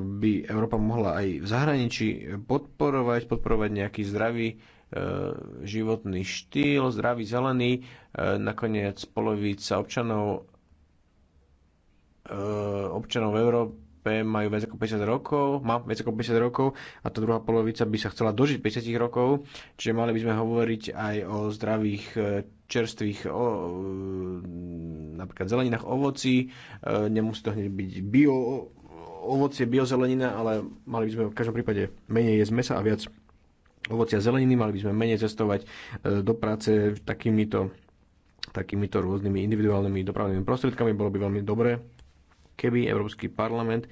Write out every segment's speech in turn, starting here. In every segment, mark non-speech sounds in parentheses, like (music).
by Európa mohla aj v zahraničí podporovať, podporovať nejaký zdravý e, životný štýl, zdravý zelený. E, nakoniec polovica občanov e, občanov v Európe majú viac ako 50 rokov, má viac ako 50 rokov a tá druhá polovica by sa chcela dožiť 50 rokov, čiže mali by sme hovoriť aj o zdravých čerstvých o, napríklad zeleninách, ovoci, nemusí to hneď byť bio ovocie, biozelenina, ale mali by sme v každom prípade menej jesť mesa a viac ovocia zeleniny, mali by sme menej cestovať e, do práce takýmito, takýmito rôznymi individuálnymi dopravnými prostriedkami. Bolo by veľmi dobré, keby Európsky parlament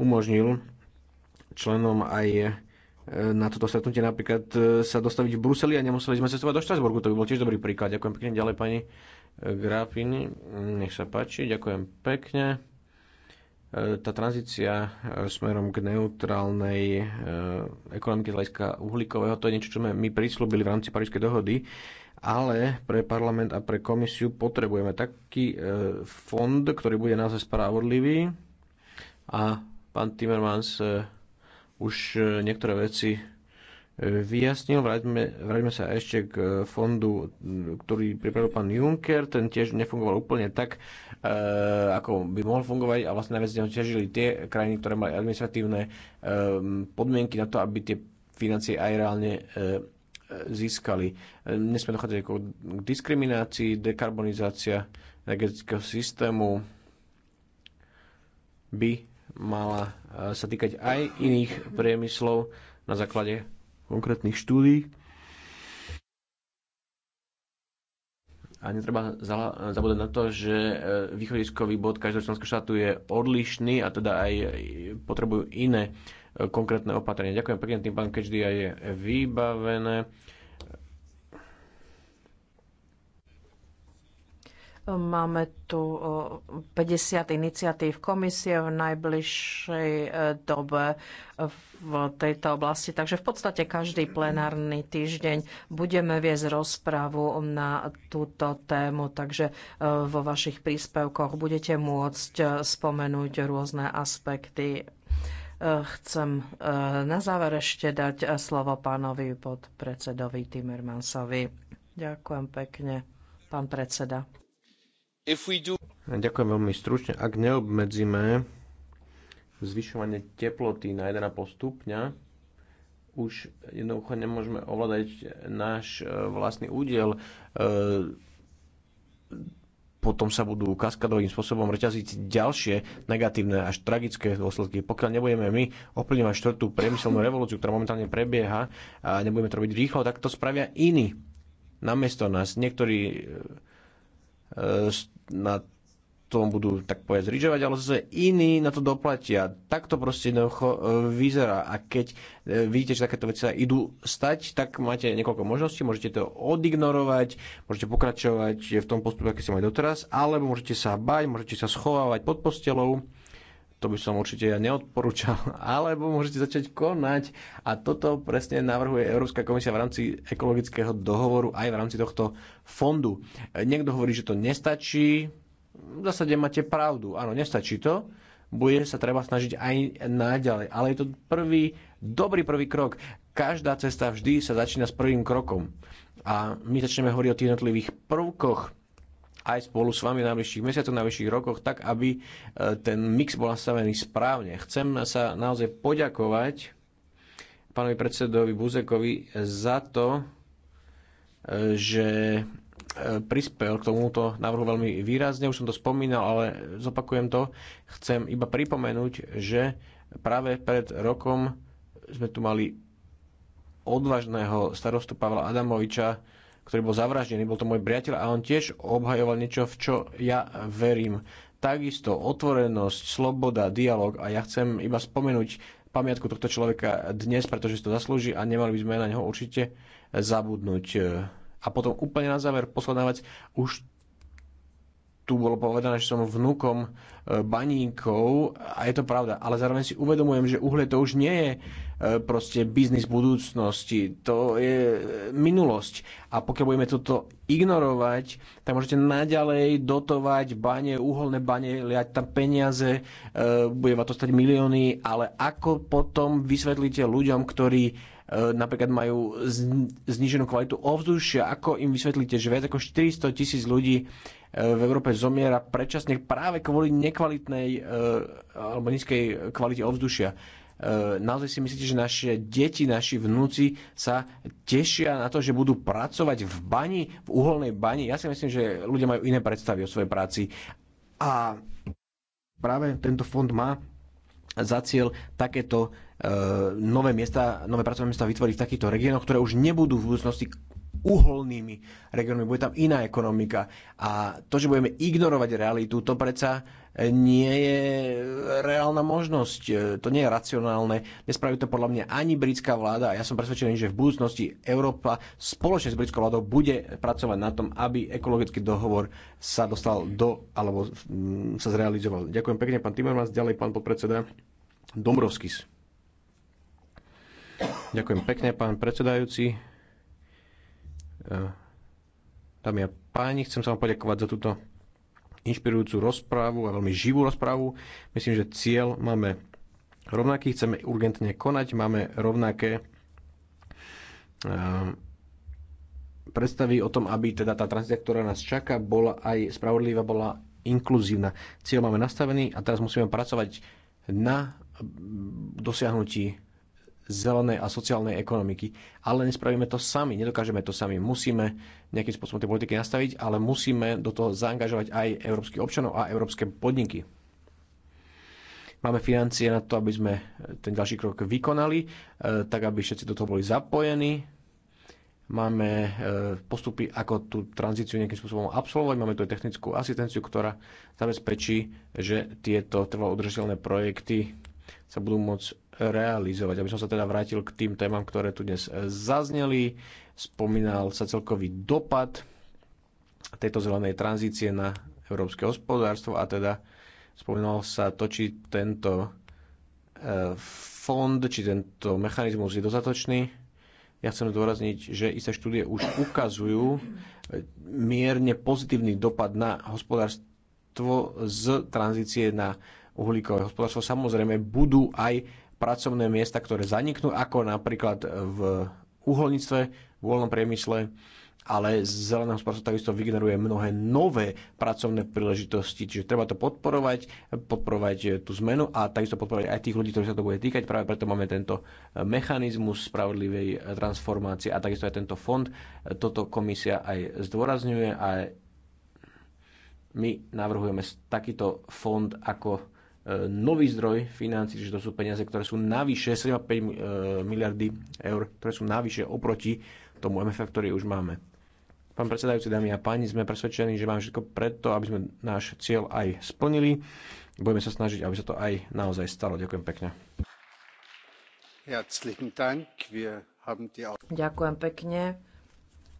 umožnil členom aj e, na toto stretnutie napríklad e, sa dostaviť v Bruseli a nemuseli sme cestovať do Štrasburgu. To by bol tiež dobrý príklad. Ďakujem pekne. Ďalej pani Grafini, nech sa páči. Ďakujem pekne. E, tá tranzícia e, smerom k neutrálnej e, ekonomike z hľadiska uhlíkového, to je niečo, čo sme my prislúbili v rámci Parížskej dohody, ale pre parlament a pre komisiu potrebujeme taký fond, ktorý bude naozaj spravodlivý a pán Timmermans už niektoré veci vyjasnil. Vráťme, vráťme sa ešte k fondu, ktorý pripravil pán Juncker. Ten tiež nefungoval úplne tak, eh, ako by mohol fungovať a vlastne najviac neho ťažili tie krajiny, ktoré mali administratívne eh, podmienky na to, aby tie financie aj reálne eh, získali. Nesme dochádzať k diskriminácii, dekarbonizácia energetického systému by mala sa týkať aj iných priemyslov na základe konkrétnych štúdí. A netreba zabúdať na to, že e, východiskový bod každého členského štátu je odlišný a teda aj potrebujú iné e, konkrétne opatrenia. Ďakujem pekne, tým pán Kečdy je vybavené. Máme tu 50 eh, iniciatív komisie v najbližšej eh, dobe v tejto oblasti. Takže v podstate každý plenárny týždeň budeme viesť rozpravu na túto tému. Takže eh, vo vašich príspevkoch budete môcť spomenúť rôzne aspekty. Chcem na záver ešte dať slovo pánovi podpredsedovi Timmermansovi. Ďakujem pekne, pán predseda. Ďakujem veľmi stručne. Ak neobmedzíme zvyšovanie teploty na 1,5 stupňa, už jednoducho nemôžeme ovládať náš e, vlastný údiel. E, potom sa budú kaskadovým spôsobom reťaziť ďalšie negatívne až tragické dôsledky. Pokiaľ nebudeme my ovplyvňovať štvrtú priemyselnú revolúciu, ktorá momentálne prebieha a nebudeme to robiť rýchlo, tak to spravia iní namiesto nás. Niektorí e, E, na tom budú tak povedať zrižovať, ale zase iní na to doplatia. Tak to proste jednoducho e, vyzerá. A keď e, vidíte, že takéto veci sa idú stať, tak máte niekoľko možností. Môžete to odignorovať, môžete pokračovať v tom postupe, aký ste mali doteraz, alebo môžete sa bať, môžete sa schovávať pod postelou to by som určite ja neodporúčal, (laughs) alebo môžete začať konať. A toto presne navrhuje Európska komisia v rámci ekologického dohovoru aj v rámci tohto fondu. Niekto hovorí, že to nestačí. V zásade máte pravdu. Áno, nestačí to. Bude sa treba snažiť aj naďalej. Ale je to prvý, dobrý prvý krok. Každá cesta vždy sa začína s prvým krokom. A my začneme hovoriť o tých jednotlivých prvkoch aj spolu s vami na najbližších mesiacoch, na najbližších rokoch, tak aby e, ten mix bol nastavený správne. Chcem sa naozaj poďakovať pánovi predsedovi Buzekovi za to, e, že e, prispel k tomuto návrhu veľmi výrazne. Už som to spomínal, ale zopakujem to. Chcem iba pripomenúť, že práve pred rokom sme tu mali odvážneho starostu Pavla Adamoviča, ktorý bol zavraždený. Bol to môj priateľ a on tiež obhajoval niečo, v čo ja verím. Takisto otvorenosť, sloboda, dialog a ja chcem iba spomenúť pamiatku tohto človeka dnes, pretože si to zaslúži a nemali by sme na neho určite zabudnúť. A potom úplne na záver posledná vec, už tu bolo povedané, že som vnukom e, baníkov a je to pravda. Ale zároveň si uvedomujem, že uhlie to už nie je e, proste biznis budúcnosti, to je e, minulosť. A pokiaľ budeme toto ignorovať, tak môžete naďalej dotovať bane, uholné bane, liať tam peniaze, bude vás to stať milióny, ale ako potom vysvetlíte ľuďom, ktorí napríklad majú zniženú kvalitu ovzdušia, ako im vysvetlíte, že viac ako 400 tisíc ľudí v Európe zomiera predčasne práve kvôli nekvalitnej e, alebo nízkej kvalite ovzdušia. E, naozaj si myslíte, že naše deti, naši vnúci sa tešia na to, že budú pracovať v bani, v uholnej bani? Ja si myslím, že ľudia majú iné predstavy o svojej práci. A práve tento fond má za cieľ takéto e, nové miesta, nové pracovné miesta vytvoriť v takýchto regiónoch, ktoré už nebudú v budúcnosti uholnými regiónmi, bude tam iná ekonomika. A to, že budeme ignorovať realitu, to predsa e, nie je e, reálna možnosť, e, to nie je racionálne. Nespraví to podľa mňa ani britská vláda a ja som presvedčený, že v budúcnosti Európa spoločne s britskou vládou bude pracovať na tom, aby ekologický dohovor sa dostal do, alebo sa zrealizoval. Ďakujem pekne, pán Timmermans, ďalej pán podpredseda Dombrovskis. Ďakujem pekne, pán predsedajúci. Eh, dámy a páni, chcem sa vám poďakovať za túto inšpirujúcu rozprávu a veľmi živú rozprávu. Myslím, že cieľ máme rovnaký, chceme urgentne konať, máme rovnaké eh, predstavy o tom, aby teda tá tranzícia, ktorá nás čaká, bola aj spravodlivá, bola inkluzívna. Cieľ máme nastavený a teraz musíme pracovať na eh, dosiahnutí zelenej a sociálnej ekonomiky. Ale nespravíme to sami, nedokážeme to sami. Musíme nejakým spôsobom tie politiky nastaviť, ale musíme do toho zaangažovať aj európskych občanov a európske podniky. Máme financie na to, aby sme ten ďalší krok vykonali, e, tak aby všetci do toho boli zapojení. Máme e, postupy, ako tú tranzíciu nejakým spôsobom absolvovať. Máme tu aj technickú asistenciu, ktorá zabezpečí, že tieto trvalo udržateľné projekty sa budú môcť realizovať. Aby som sa teda vrátil k tým témam, ktoré tu dnes zazneli. Spomínal sa celkový dopad tejto zelenej tranzície na európske hospodárstvo a teda spomínal sa to, či tento e, fond, či tento mechanizmus je dostatočný. Ja chcem zdôrazniť, že isté štúdie už ukazujú e, mierne pozitívny dopad na hospodárstvo z tranzície na uhlíkové hospodárstvo. Samozrejme budú aj pracovné miesta, ktoré zaniknú, ako napríklad v uholníctve, v uholnom priemysle, ale zelená hospodárstvo takisto vygeneruje mnohé nové pracovné príležitosti, čiže treba to podporovať, podporovať tú zmenu a takisto podporovať aj tých ľudí, ktorí sa to bude týkať. Práve preto máme tento mechanizmus spravodlivej transformácie a takisto aj tento fond. Toto komisia aj zdôrazňuje a my navrhujeme takýto fond ako nový zdroj financí, že to sú peniaze, ktoré sú navyše, 75 eh, miliardy eur, ktoré sú navyše oproti tomu MFF, ktorý už máme. Pán predsedajúci, dámy a páni, sme presvedčení, že máme všetko preto, aby sme náš cieľ aj splnili. Budeme sa snažiť, aby sa to aj naozaj stalo. Ďakujem pekne. Ďakujem pekne.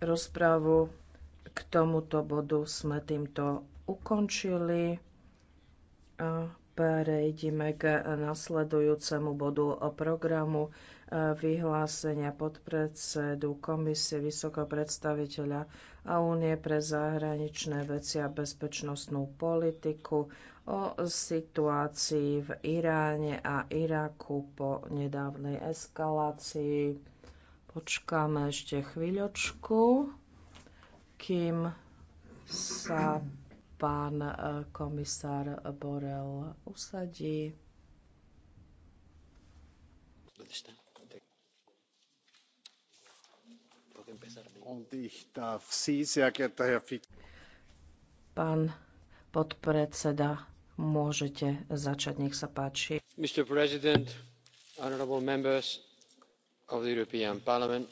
Rozprávu k tomuto bodu sme týmto ukončili. Prejdime k nasledujúcemu bodu o programu e, vyhlásenia podpredsedu Komisie Vysokého predstaviteľa a Únie pre zahraničné veci a bezpečnostnú politiku o situácii v Iráne a Iraku po nedávnej eskalácii. Počkáme ešte chvíľočku, kým sa pán eh, komisár Borel usadí. Pán podpredseda, môžete začať, nech sa páči. Mr. President, honorable members of the European Parliament.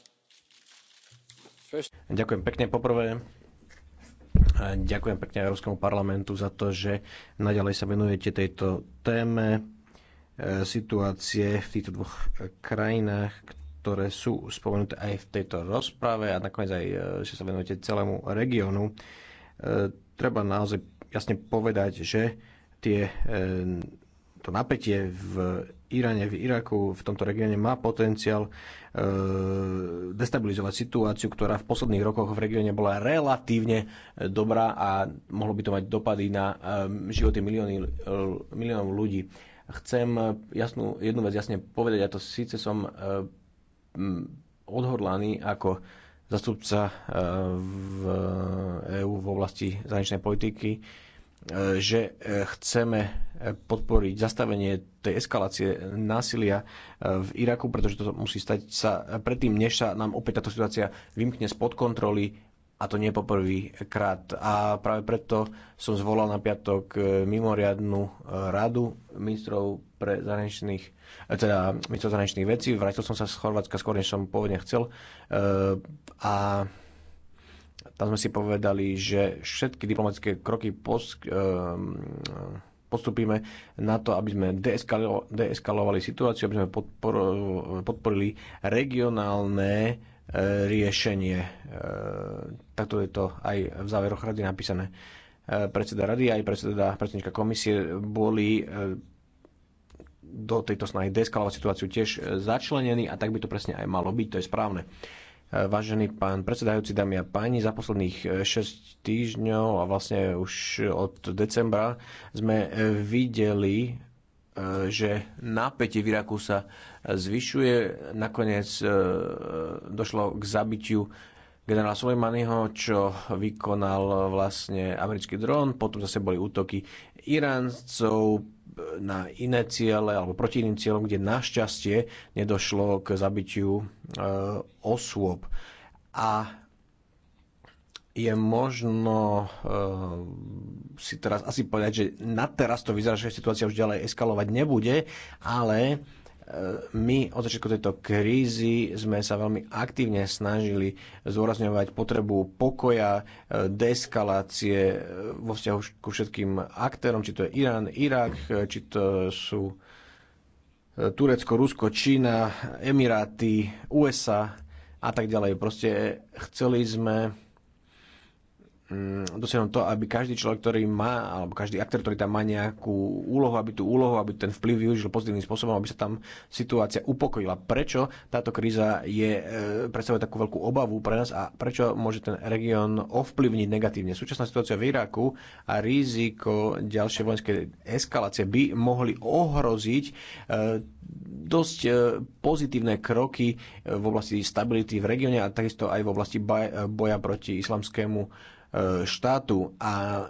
First... Ďakujem pekne. Poprvé Ďakujem pekne Európskemu parlamentu za to, že naďalej sa venujete tejto téme e, situácie v týchto dvoch krajinách, ktoré sú spomenuté aj v tejto rozprave a nakoniec aj, e, že sa venujete celému regiónu. E, treba naozaj jasne povedať, že tie, to napätie v Iráne, v Iraku, v tomto regióne má potenciál e, destabilizovať situáciu, ktorá v posledných rokoch v regióne bola relatívne dobrá a mohlo by to mať dopady na e, životy milióny, e, miliónov ľudí. Chcem jasnú, jednu vec jasne povedať, a to síce som odhodlaný ako zastupca v EÚ v oblasti zahraničnej politiky, E, že e, chceme e, podporiť zastavenie tej eskalácie násilia v Iraku, pretože to musí stať sa predtým, než sa nám opäť táto situácia vymkne spod kontroly a to nie poprvý krát. A práve preto som zvolal na piatok mimoriadnú radu ministrov pre zahraničných, teda ministrov zahraničných vecí. Vrátil som sa z Chorvátska skôr, než som pôvodne chcel. A tam sme si povedali, že všetky diplomatické kroky pos, e, postupíme na to, aby sme deeskalo, deeskalovali situáciu, aby sme podpor, podporili regionálne e, riešenie. E, takto je to aj v záveroch rady napísané. E, predseda rady aj predseda, predsednička komisie boli do tejto snahy deeskalovať situáciu tiež začlenení a tak by to presne aj malo byť, to je správne. Vážený pán predsedajúci, dámy a páni, za posledných 6 eh, týždňov a vlastne už od decembra sme eh, videli, eh, že napätie v Iraku sa zvyšuje. Nakoniec došlo k zabitiu generála Soleimaniho, čo vykonal vlastne americký dron, potom zase boli útoky Iráncov na iné ciele alebo proti iným cieľom, kde našťastie nedošlo k zabitiu e, osôb. A je možno e, si teraz asi povedať, že na teraz to vyzerá, že situácia už ďalej eskalovať nebude, ale my od začiatku tejto krízy sme sa veľmi aktívne snažili zdôrazňovať potrebu pokoja, e, deeskalácie e, vo vzťahu ku všetkým aktérom, či to je Irán, Irak, e, či to sú Turecko, Rusko, Čína, Emiráty, USA a tak ďalej. Proste chceli sme Mm, dosiahnuť to, aby každý človek, ktorý má, alebo každý aktor, ktorý tam má nejakú úlohu, aby tú úlohu, aby ten vplyv využil pozitívnym spôsobom, aby sa tam situácia upokojila. Prečo táto kríza je, e, predstavuje takú veľkú obavu pre nás a prečo môže ten región ovplyvniť negatívne? Súčasná situácia v Iraku a riziko ďalšej vojenskej eskalácie by mohli ohroziť e, dosť e, pozitívne kroky v oblasti stability v regióne a takisto aj v oblasti boja proti islamskému štátu a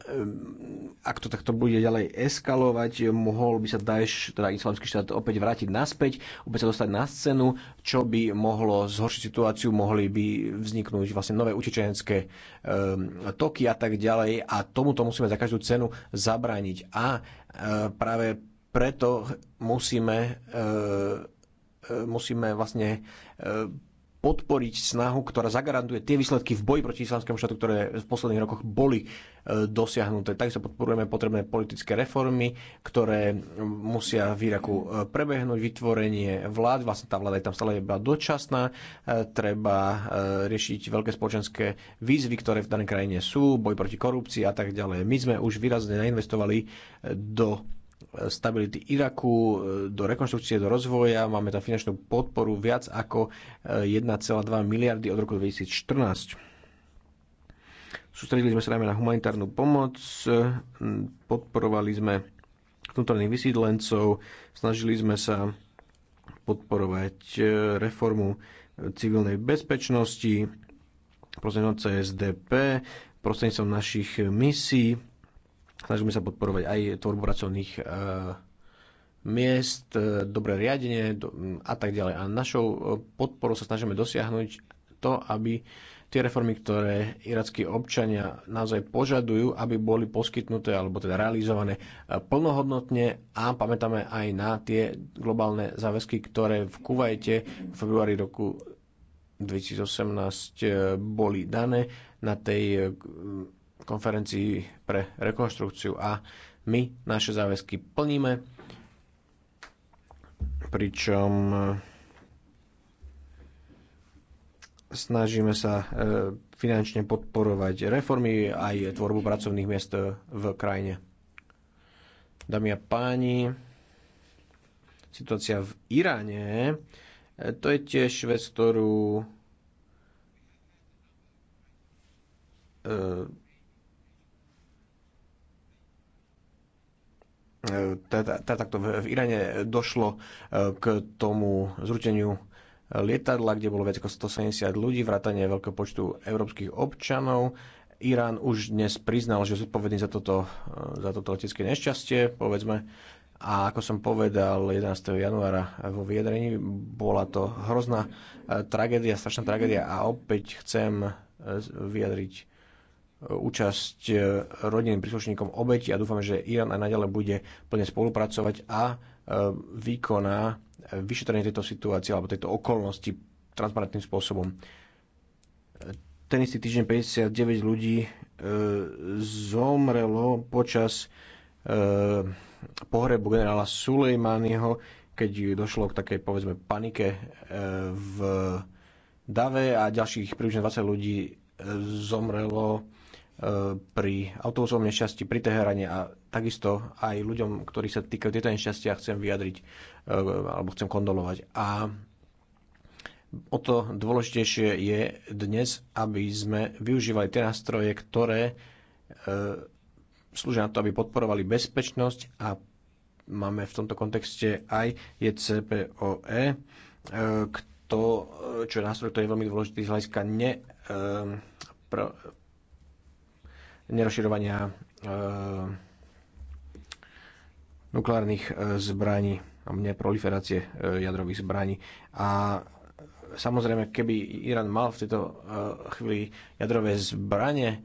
ak to takto bude ďalej eskalovať, mohol by sa Daesh, teda islamský štát, opäť vrátiť naspäť, opäť sa dostať na scénu, čo by mohlo zhoršiť situáciu, mohli by vzniknúť vlastne nové utečenské toky a tak ďalej a tomuto musíme za každú cenu zabrániť a e, práve preto musíme e, e, musíme vlastne podporiť snahu, ktorá zagarantuje tie výsledky v boji proti islamskému štátu, ktoré v posledných rokoch boli e, dosiahnuté. Takisto podporujeme potrebné politické reformy, ktoré musia v Iraku e, prebehnúť, vytvorenie vlád, vlastne tá vláda je tam stále iba dočasná, e, treba riešiť veľké spoločenské výzvy, ktoré v danej krajine sú, boj proti korupcii a tak ďalej. My sme už výrazne nainvestovali do stability Iraku, e, do rekonštrukcie, do rozvoja. Máme tam finančnú podporu viac ako 1,2 e, miliardy od roku 2014. Sústredili sme sa najmä na humanitárnu pomoc, e, podporovali sme vnútorných vysídlencov, snažili sme sa podporovať reformu civilnej bezpečnosti, prostredníctvom CSDP, prostredníctvom našich misií Snažíme sa podporovať aj tvorbu pracovných e, miest, e, dobré riadenie a tak ďalej. A našou e, podporou sa snažíme dosiahnuť to, aby tie reformy, ktoré irackí občania naozaj požadujú, aby boli poskytnuté alebo teda realizované plnohodnotne a pamätáme aj na tie globálne záväzky, ktoré v Kuvajte v februári roku 2018 boli dané na tej konferencii pre rekonštrukciu a my naše záväzky plníme, pričom eh, snažíme sa eh, finančne podporovať reformy aj tvorbu pracovných miest eh, v krajine. Dámy a páni, situácia v Iráne, to je tiež vec, ktorú E, teda, teda takto v Iráne došlo e, k tomu zruteniu lietadla, kde bolo viac ako 170 ľudí, vrátanie veľkého počtu európskych občanov. Irán už dnes priznal, že je zodpovedný za toto, e, za toto letecké nešťastie, povedzme. A ako som povedal 11. januára vo vyjadrení, bola to hrozná tragédia, strašná tragédia a opäť chcem vyjadriť účasť e, rodinným príslušníkom obeti a dúfame, že Irán aj naďalej bude plne spolupracovať a e, vykoná vyšetrenie tejto situácie alebo tejto okolnosti transparentným spôsobom. Ten istý týždeň 59 ľudí e, zomrelo počas pohrebu generála Sulejmányho, keď došlo k takej povedzme panike v Dave a ďalších približne 20 ľudí zomrelo pri autobusovom nešťastí pri Teherane a takisto aj ľuďom, ktorí sa týkajú tieto nešťastia, chcem vyjadriť e, alebo chcem kondolovať. A o to dôležitejšie je dnes, aby sme využívali tie nástroje, ktoré e, slúžia na to, aby podporovali bezpečnosť a máme v tomto kontexte aj JCPOE, e, to, čo je nástroj, ktorý je veľmi dôležitý z hľadiska ne, nerozširovania e, nukleárnych e, zbraní a neproliferácie e, jadrových zbraní. A samozrejme, keby Irán mal v tejto chvíli jadrové zbranie,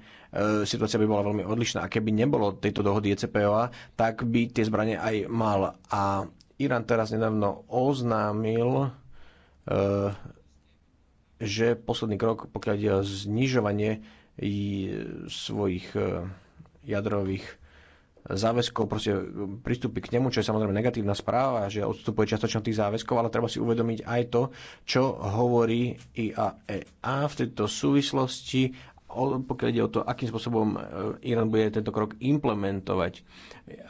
situácia by bola veľmi odlišná. A keby nebolo tejto dohody ECPOA, tak by tie zbranie aj mal. A Irán teraz nedávno oznámil, že posledný krok, pokiaľ ide o znižovanie svojich e, jadrových záväzkov, proste e, pristúpi k nemu, čo je samozrejme negatívna správa, že odstupuje čiastočne od tých záväzkov, ale treba si uvedomiť aj to, čo hovorí IAEA e v tejto súvislosti pokiaľ ide o to, akým spôsobom e, Irán bude tento krok implementovať.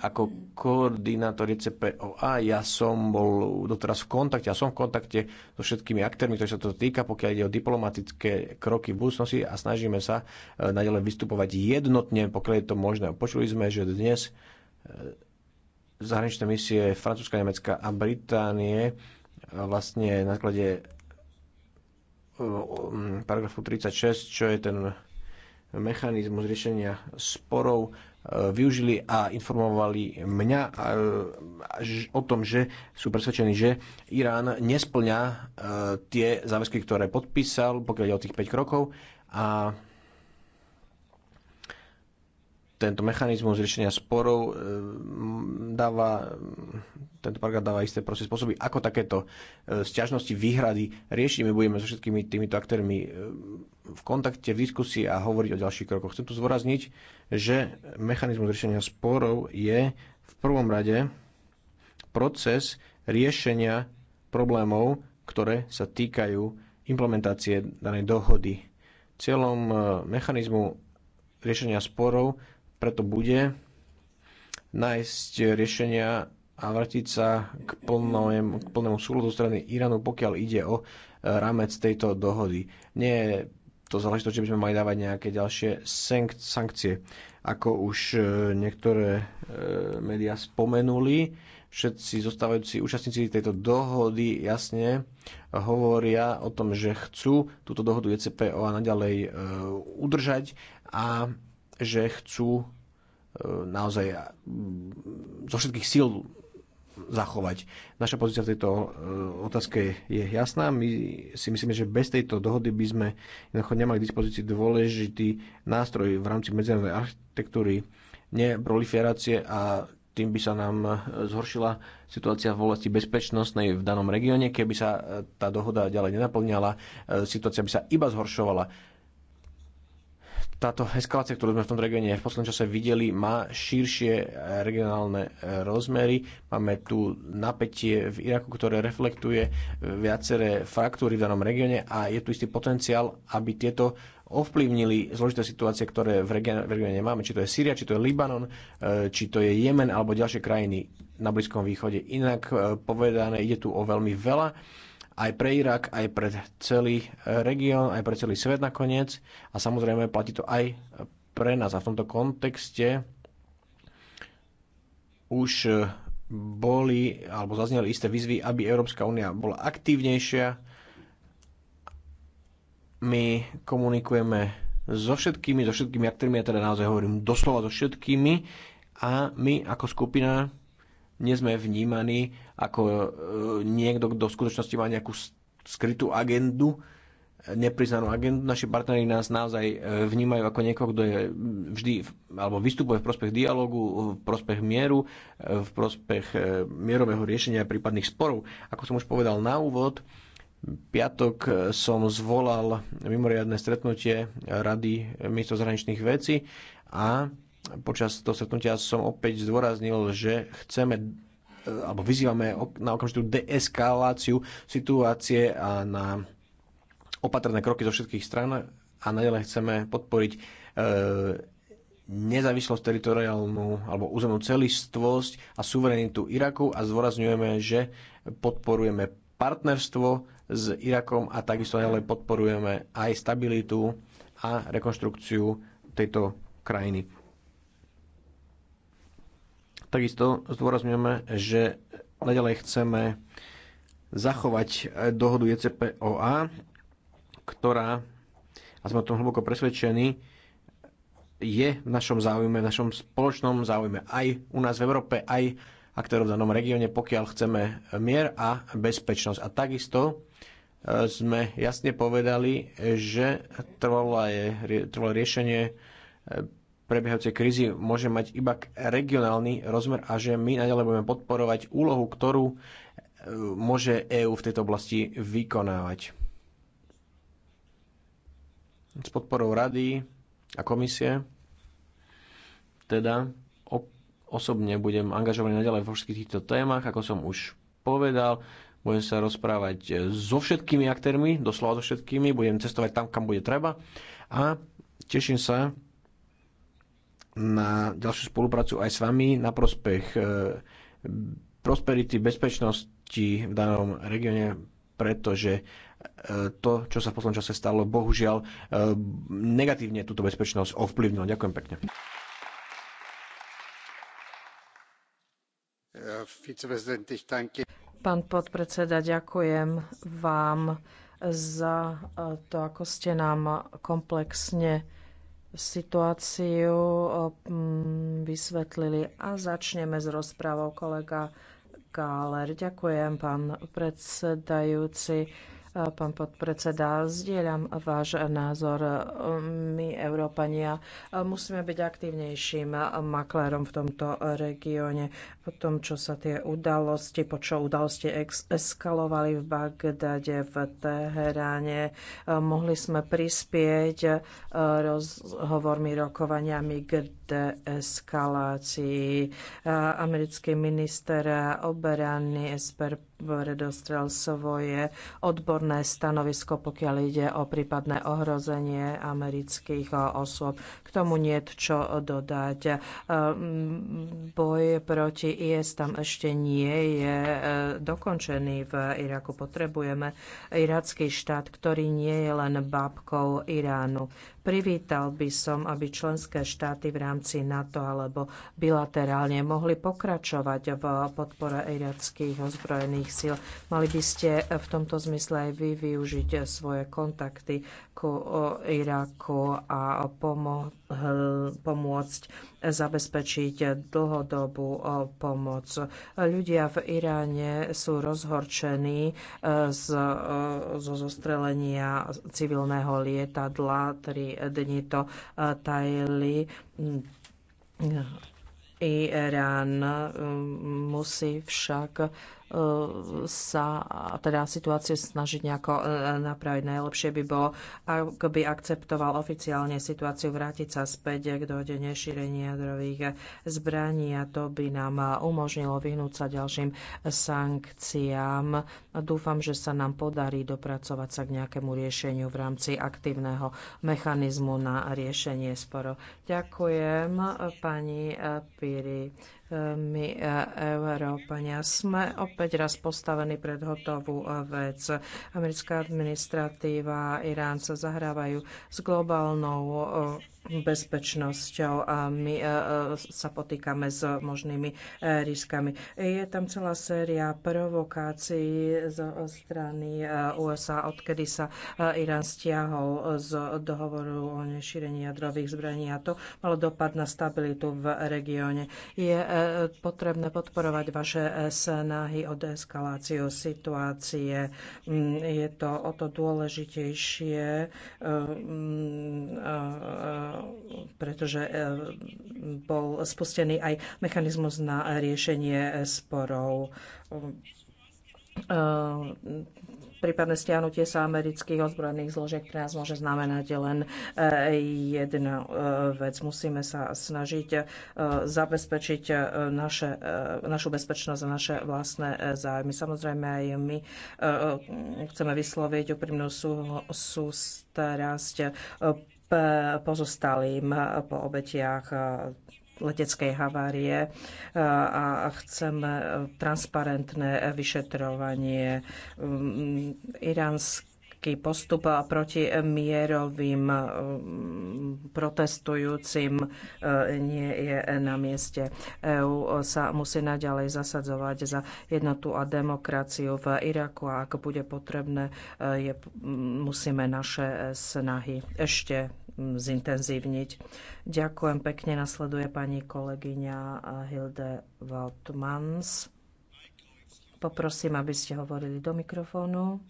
Ako koordinátor CPOA ja som bol doteraz v kontakte a som v kontakte so všetkými aktérmi, ktorí sa to týka, pokiaľ ide o diplomatické kroky v budúcnosti a snažíme sa e, naďalej vystupovať jednotne, pokiaľ je to možné. Počuli sme, že dnes e, zahraničné misie Francúzska, Nemecka a Británie vlastne na základe paragrafu 36, čo je ten mechanizmus riešenia sporov e, využili a informovali mňa e, o tom, že sú presvedčení, že Irán nesplňa e, tie záväzky, ktoré podpísal, pokiaľ je o tých 5 krokov a tento mechanizmus riešenia sporov e, dáva, tento paragraf dáva isté proste spôsoby, ako takéto e, sťažnosti, výhrady riešiť. My budeme so všetkými týmito aktérmi e, v kontakte, v diskusii a hovoriť o ďalších krokoch. Chcem tu zvorazniť, že mechanizmus riešenia sporov je v prvom rade proces riešenia problémov, ktoré sa týkajú implementácie danej dohody. Cieľom mechanizmu riešenia sporov preto bude nájsť riešenia a vrátiť sa k, plnom, k plnému súľadu strany Iránu, pokiaľ ide o e, rámec tejto dohody. Nie je to záležitosť, že by sme mali dávať nejaké ďalšie sankcie. Ako už e, niektoré e, médiá spomenuli, všetci zostávajúci účastníci tejto dohody jasne hovoria o tom, že chcú túto dohodu ECPO a naďalej udržať a že chcú E, naozaj mm, zo všetkých síl zachovať. Naša pozícia v tejto e, otázke je jasná. My si myslíme, že bez tejto dohody by sme jednoducho nemali k dispozícii dôležitý nástroj v rámci medzinárodnej architektúry neproliferácie a tým by sa nám e, zhoršila situácia v oblasti bezpečnostnej v danom regióne. Keby sa tá dohoda ďalej nenaplňala, situácia by sa iba zhoršovala táto eskalácia, ktorú sme v tom regióne v poslednom čase videli, má širšie e, regionálne e, rozmery. Máme tu napätie v Iraku, ktoré reflektuje e, viaceré fraktúry v danom regióne a je tu istý potenciál, aby tieto ovplyvnili zložité situácie, ktoré v regióne máme, či to je Syria, či to je Libanon, či to je Jemen alebo ďalšie krajiny na Blízkom východe. Inak povedané, ide tu o veľmi veľa aj pre Irak, aj pre celý e, región, aj pre celý svet nakoniec. A samozrejme platí to aj pre nás. A v tomto kontexte už e, boli alebo zazneli isté výzvy, aby Európska únia bola aktívnejšia. My komunikujeme so všetkými, so všetkými aktérmi, ja teda naozaj hovorím doslova so všetkými a my ako skupina nie sme vnímaní ako e, niekto, kto v skutočnosti má nejakú skrytú agendu, nepriznanú agendu. Naši partneri nás naozaj e, vnímajú ako niekoho, kto je vždy, alebo vystupuje v prospech dialogu, v prospech mieru, e, v prospech mierového riešenia prípadných sporov. Ako som už povedal na úvod, piatok som zvolal mimoriadne stretnutie Rady ministrov zahraničných vecí a Počas toho stretnutia som opäť zdôraznil, že chceme eh, alebo vyzývame na okamžitú deeskaláciu situácie a na opatrné kroky zo všetkých stran a nadalej chceme podporiť eh, nezávislosť teritoriálnu alebo územnú celistvosť a suverenitu Iraku a zdôrazňujeme, že podporujeme partnerstvo s Irakom a takisto ďalej podporujeme aj stabilitu a rekonštrukciu tejto krajiny. Takisto zdôrazňujeme, že naďalej chceme zachovať dohodu ECPOA, ktorá, a sme o tom hlboko presvedčení, je v našom záujme, v našom spoločnom záujme aj u nás v Európe, aj aktérov v danom regióne, pokiaľ chceme mier a bezpečnosť. A takisto e, sme jasne povedali, že trvalé, trvalé riešenie e, prebiehajúcej krízy môže mať iba regionálny rozmer a že my naďalej budeme podporovať úlohu, ktorú e, môže EÚ v tejto oblasti vykonávať. S podporou rady a komisie teda osobne budem angažovaný naďalej vo všetkých týchto témach, ako som už povedal. Budem sa rozprávať e, so všetkými aktérmi, doslova so všetkými, budem cestovať tam, kam bude treba a teším sa na ďalšiu spoluprácu aj s vami na prospech e, prosperity, bezpečnosti v danom regióne, pretože e, to, čo sa v poslednom čase stalo, bohužiaľ e, negatívne túto bezpečnosť ovplyvnilo. Ďakujem pekne. Pán podpredseda, ďakujem vám za to, ako ste nám komplexne situáciu mm, vysvetlili a začneme s rozprávou kolega Gáler. Ďakujem, pán predsedajúci. Pán podpredseda, zdieľam váš názor. My, Európania, musíme byť aktívnejším maklérom v tomto regióne. Po tom, čo sa tie udalosti, po čo udalosti eskalovali v Bagdade, v Teheráne, mohli sme prispieť rozhovormi, rokovaniami, kde deeskalácii. Americký minister obrany Esper predostrel svoje odborné stanovisko, pokiaľ ide o prípadné ohrozenie amerických osôb. K tomu nie čo dodať. Mm, boj proti IS tam ešte nie je e, dokončený v Iraku. Potrebujeme iracký štát, ktorý nie je len bábkou Iránu. Privítal by som, aby členské štáty v rámci NATO alebo bilaterálne mohli pokračovať v podpore irackých ozbrojených síl. Mali by ste v tomto zmysle aj vy využiť svoje kontakty ku Iraku a pomôcť. Eh, pomôcť zabezpečiť dlhodobú eh, pomoc. Ľudia v Iráne sú rozhorčení eh, z, zo zostrelenia civilného lietadla. Tri dni to tajili. Hm. Irán hm, musí však sa teda situáciu snažiť nejako e, napraviť. Najlepšie by bolo, ak by akceptoval oficiálne situáciu, vrátiť sa späť k dohode nešírenia jadrových zbraní a to by nám umožnilo vyhnúť sa ďalším sankciám. Dúfam, že sa nám podarí dopracovať sa k nejakému riešeniu v rámci aktívneho mechanizmu na riešenie sporo. Ďakujem pani Piri my e, Európania sme opäť raz postavení pred hotovú e, vec. Americká administratíva, Irán sa zahrávajú s globálnou e, bezpečnosťou a my e, e, sa potýkame s možnými e, riskami. Je tam celá séria provokácií zo strany USA, odkedy sa Irán stiahol z dohovoru o nešírení jadrových zbraní a to malo dopad na stabilitu v regióne. Je potrebné podporovať vaše snahy o deeskaláciu situácie. Mm, je to o to dôležitejšie mm, pretože eh, bol spustený aj mechanizmus na riešenie sporov eh, prípadné stiahnutie sa amerických ozbrojených zložiek pre nás môže znamenať len eh, jedna vec. Musíme sa snažiť zabezpečiť naše, našu bezpečnosť a naše vlastné zájmy. Samozrejme aj my chceme vysloviť úprimnú sústrasť sú E, pozostalým e, po obetiach e, leteckej havárie a chceme transparentné vyšetrovanie iránskej postup proti mierovým protestujúcim nie je na mieste. EÚ sa musí naďalej zasadzovať za jednotu a demokraciu v Iraku a ak bude potrebné, je, musíme naše snahy ešte zintenzívniť. Ďakujem pekne. Nasleduje pani kolegyňa Hilde Waldmans. Poprosím, aby ste hovorili do mikrofónu.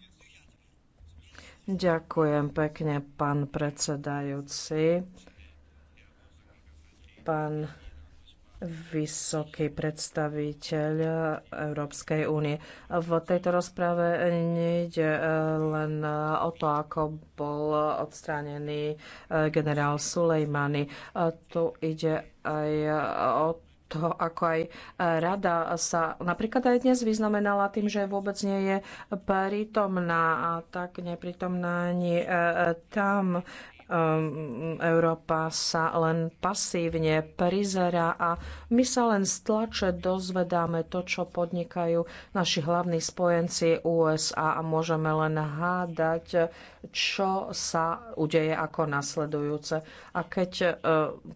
Ďakujem pekne, pán predsedajúci. Pán vysoký predstaviteľ Európskej únie. V tejto rozprave nejde len o to, ako bol odstránený generál Sulejmany. Tu ide aj o to, ako aj rada sa napríklad aj dnes vyznamenala tým, že vôbec nie je prítomná a tak neprítomná ani tam. Ehm, Európa sa len pasívne prizerá a my sa len stlače dozvedáme to, čo podnikajú naši hlavní spojenci USA a môžeme len hádať, čo sa udeje ako nasledujúce. A keď e,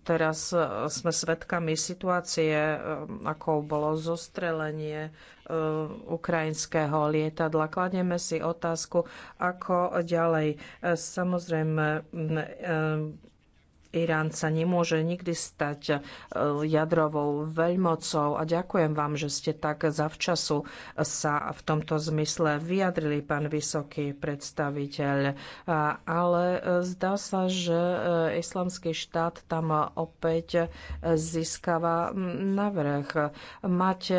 teraz e, sme svedkami situácie, e, ako bolo zostrelenie ukrajinského lietadla, kladieme si otázku, ako ďalej. Samozrejme, Irán sa nemôže nikdy stať e, jadrovou veľmocou a ďakujem vám, že ste tak zavčasu sa v tomto zmysle vyjadrili, pán vysoký predstaviteľ. Ale e, zdá sa, že e, islamský štát tam opäť získava navrh. Máte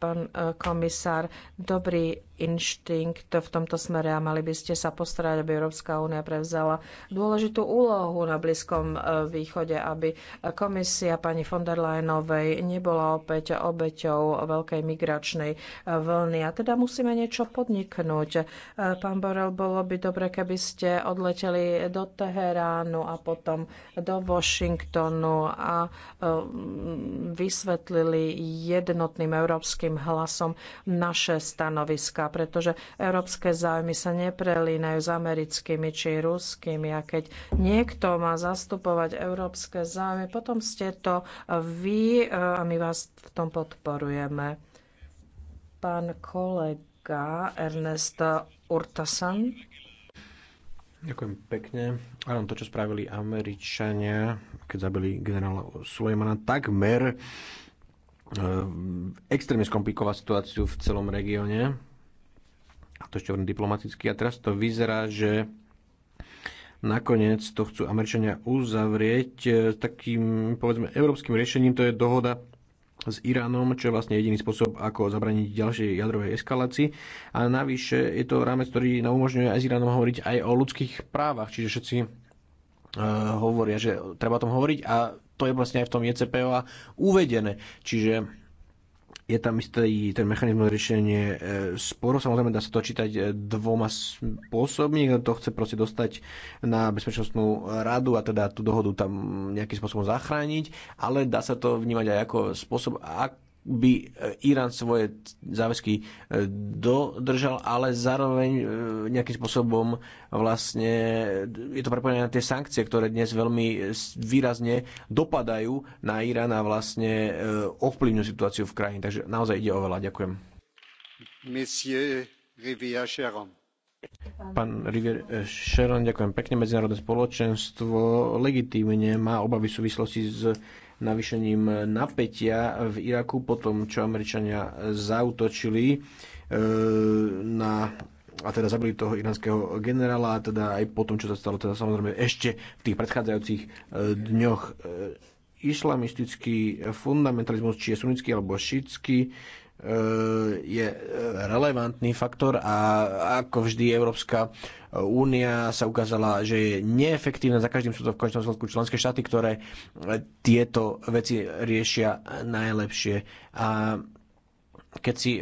pán e, komisár, dobrý inštinkt v tomto smere a mali by ste sa postarať, aby Európska únia prevzala dôležitú úlohu na Blízkom e, východe, aby komisia pani von der Leyenovej nebola opäť obeťou veľkej migračnej e, vlny. A teda musíme niečo podniknúť. Pán Borel, bolo by dobre, keby ste odleteli do Teheránu a potom do Washingtonu a vysvetlili jednotným európskym svojim hlasom naše stanoviska, pretože európske záujmy sa neprelínajú s americkými či ruskými. A keď niekto má zastupovať európske záujmy, potom ste to vy e, a my vás v tom podporujeme. Pán kolega Ernest Urtasan. Ďakujem pekne. Áno, to, čo spravili Američania, keď zabili generála Sulejmana, takmer Ehm, extrémne skomplikovať situáciu v celom regióne. A to ešte hovorím diplomaticky. A teraz to vyzerá, že nakoniec to chcú Američania uzavrieť s e, takým, povedzme, európskym riešením. To je dohoda s Iránom, čo je vlastne jediný spôsob, ako zabraniť ďalšej jadrovej eskalácii. A navyše je to rámec, ktorý nám umožňuje aj s Iránom hovoriť aj o ľudských právach, čiže všetci uh, hovoria, že treba o tom hovoriť a to je vlastne aj v tom ECPOA uvedené. Čiže je tam istý ten mechanizmus riešenie e, sporov. Samozrejme, dá sa to čítať e, dvoma spôsobmi. Niekto to chce proste dostať na bezpečnostnú radu a teda tú dohodu tam nejakým spôsobom zachrániť, ale dá sa to vnímať aj ako spôsob, by e, Irán svoje záväzky e, dodržal, ale zároveň e, nejakým spôsobom vlastne je to prepojené na tie sankcie, ktoré dnes veľmi výrazne dopadajú na Irán a vlastne ovplyvňujú situáciu v krajine. Takže naozaj ide o veľa. Ďakujem. Monsieur Rivière Sharon. Pán Rivier Sharon, ďakujem pekne. Medzinárodné spoločenstvo legitímne má obavy v súvislosti s navýšením napätia v Iraku po tom, čo Američania zautočili e, na a teda zabili toho iránskeho generála a teda aj po tom, čo sa stalo teda samozrejme ešte v tých predchádzajúcich e, dňoch e, islamistický fundamentalizmus, či je sunnický alebo šítský, Eh, je eh, relevantný faktor a ako vždy Európska eh, únia sa ukázala, že je neefektívna. Za každým sú to v končnom sledku členské štáty, ktoré tieto veci riešia najlepšie. A keď si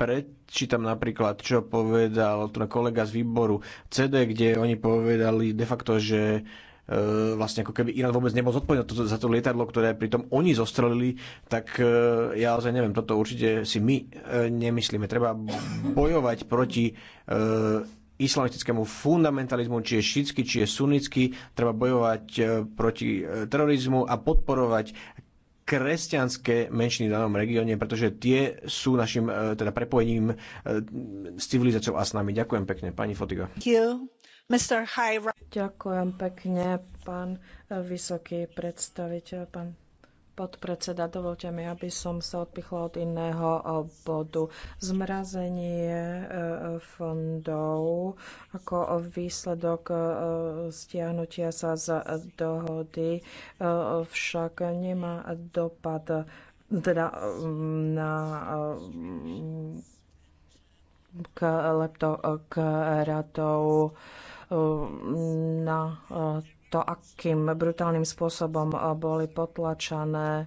prečítam napríklad, čo povedal kolega z výboru CD, kde oni povedali de facto, že E, vlastne ako keby Irán vôbec nebol zodpovedný za to lietadlo, ktoré pritom oni zostrelili, tak e, ja naozaj neviem, toto určite si my e, nemyslíme. Treba bojovať proti islamistickému fundamentalizmu, či je šítsky, či je sunnický, treba bojovať proti terorizmu a podporovať kresťanské menšiny v danom regióne, pretože tie sú našim teda prepojením s civilizáciou a s nami. Ďakujem pekne, pani Fotiga. Ďakujem. Ďakujem pekne, pán eh, vysoký predstaviteľ, pán podpredseda, dovolte mi, aby som sa odpichla od iného eh, bodu. Zmrazenie eh, fondov ako výsledok stiahnutia sa z dohody však nemá dopad teda mm, na k leptokratov na eh, to, akým brutálnym spôsobom eh, boli potlačané eh,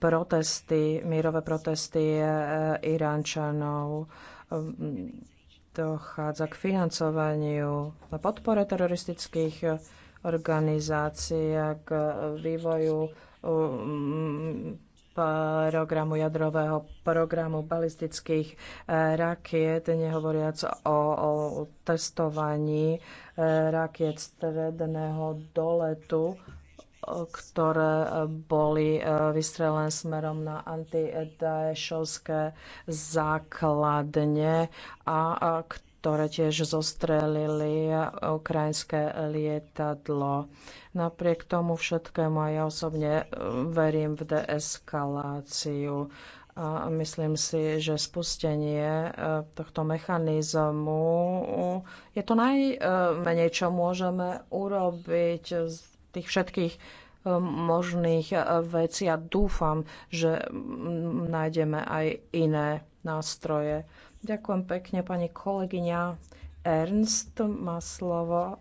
protesty, mírové protesty Iránčanov dochádza k financovaniu na podpore teroristických organizácií a k vývoju programu jadrového programu balistických eh, rakiet, nehovoriac o, o testovaní eh, rakiet stredného doletu ktoré eh, boli vystrelené smerom na antidaešovské základne a a ktoré tiež zostrelili ukrajinské lietadlo. Napriek tomu všetkému aj ja osobne e, verím v deeskaláciu. A myslím si, že spustenie e, tohto mechanizmu je to najmenej, čo môžeme urobiť z tých všetkých e, možných vecí a dúfam, že nájdeme aj iné nástroje. Ďakujem pekne, pani kolegyňa. Ernst má slovo.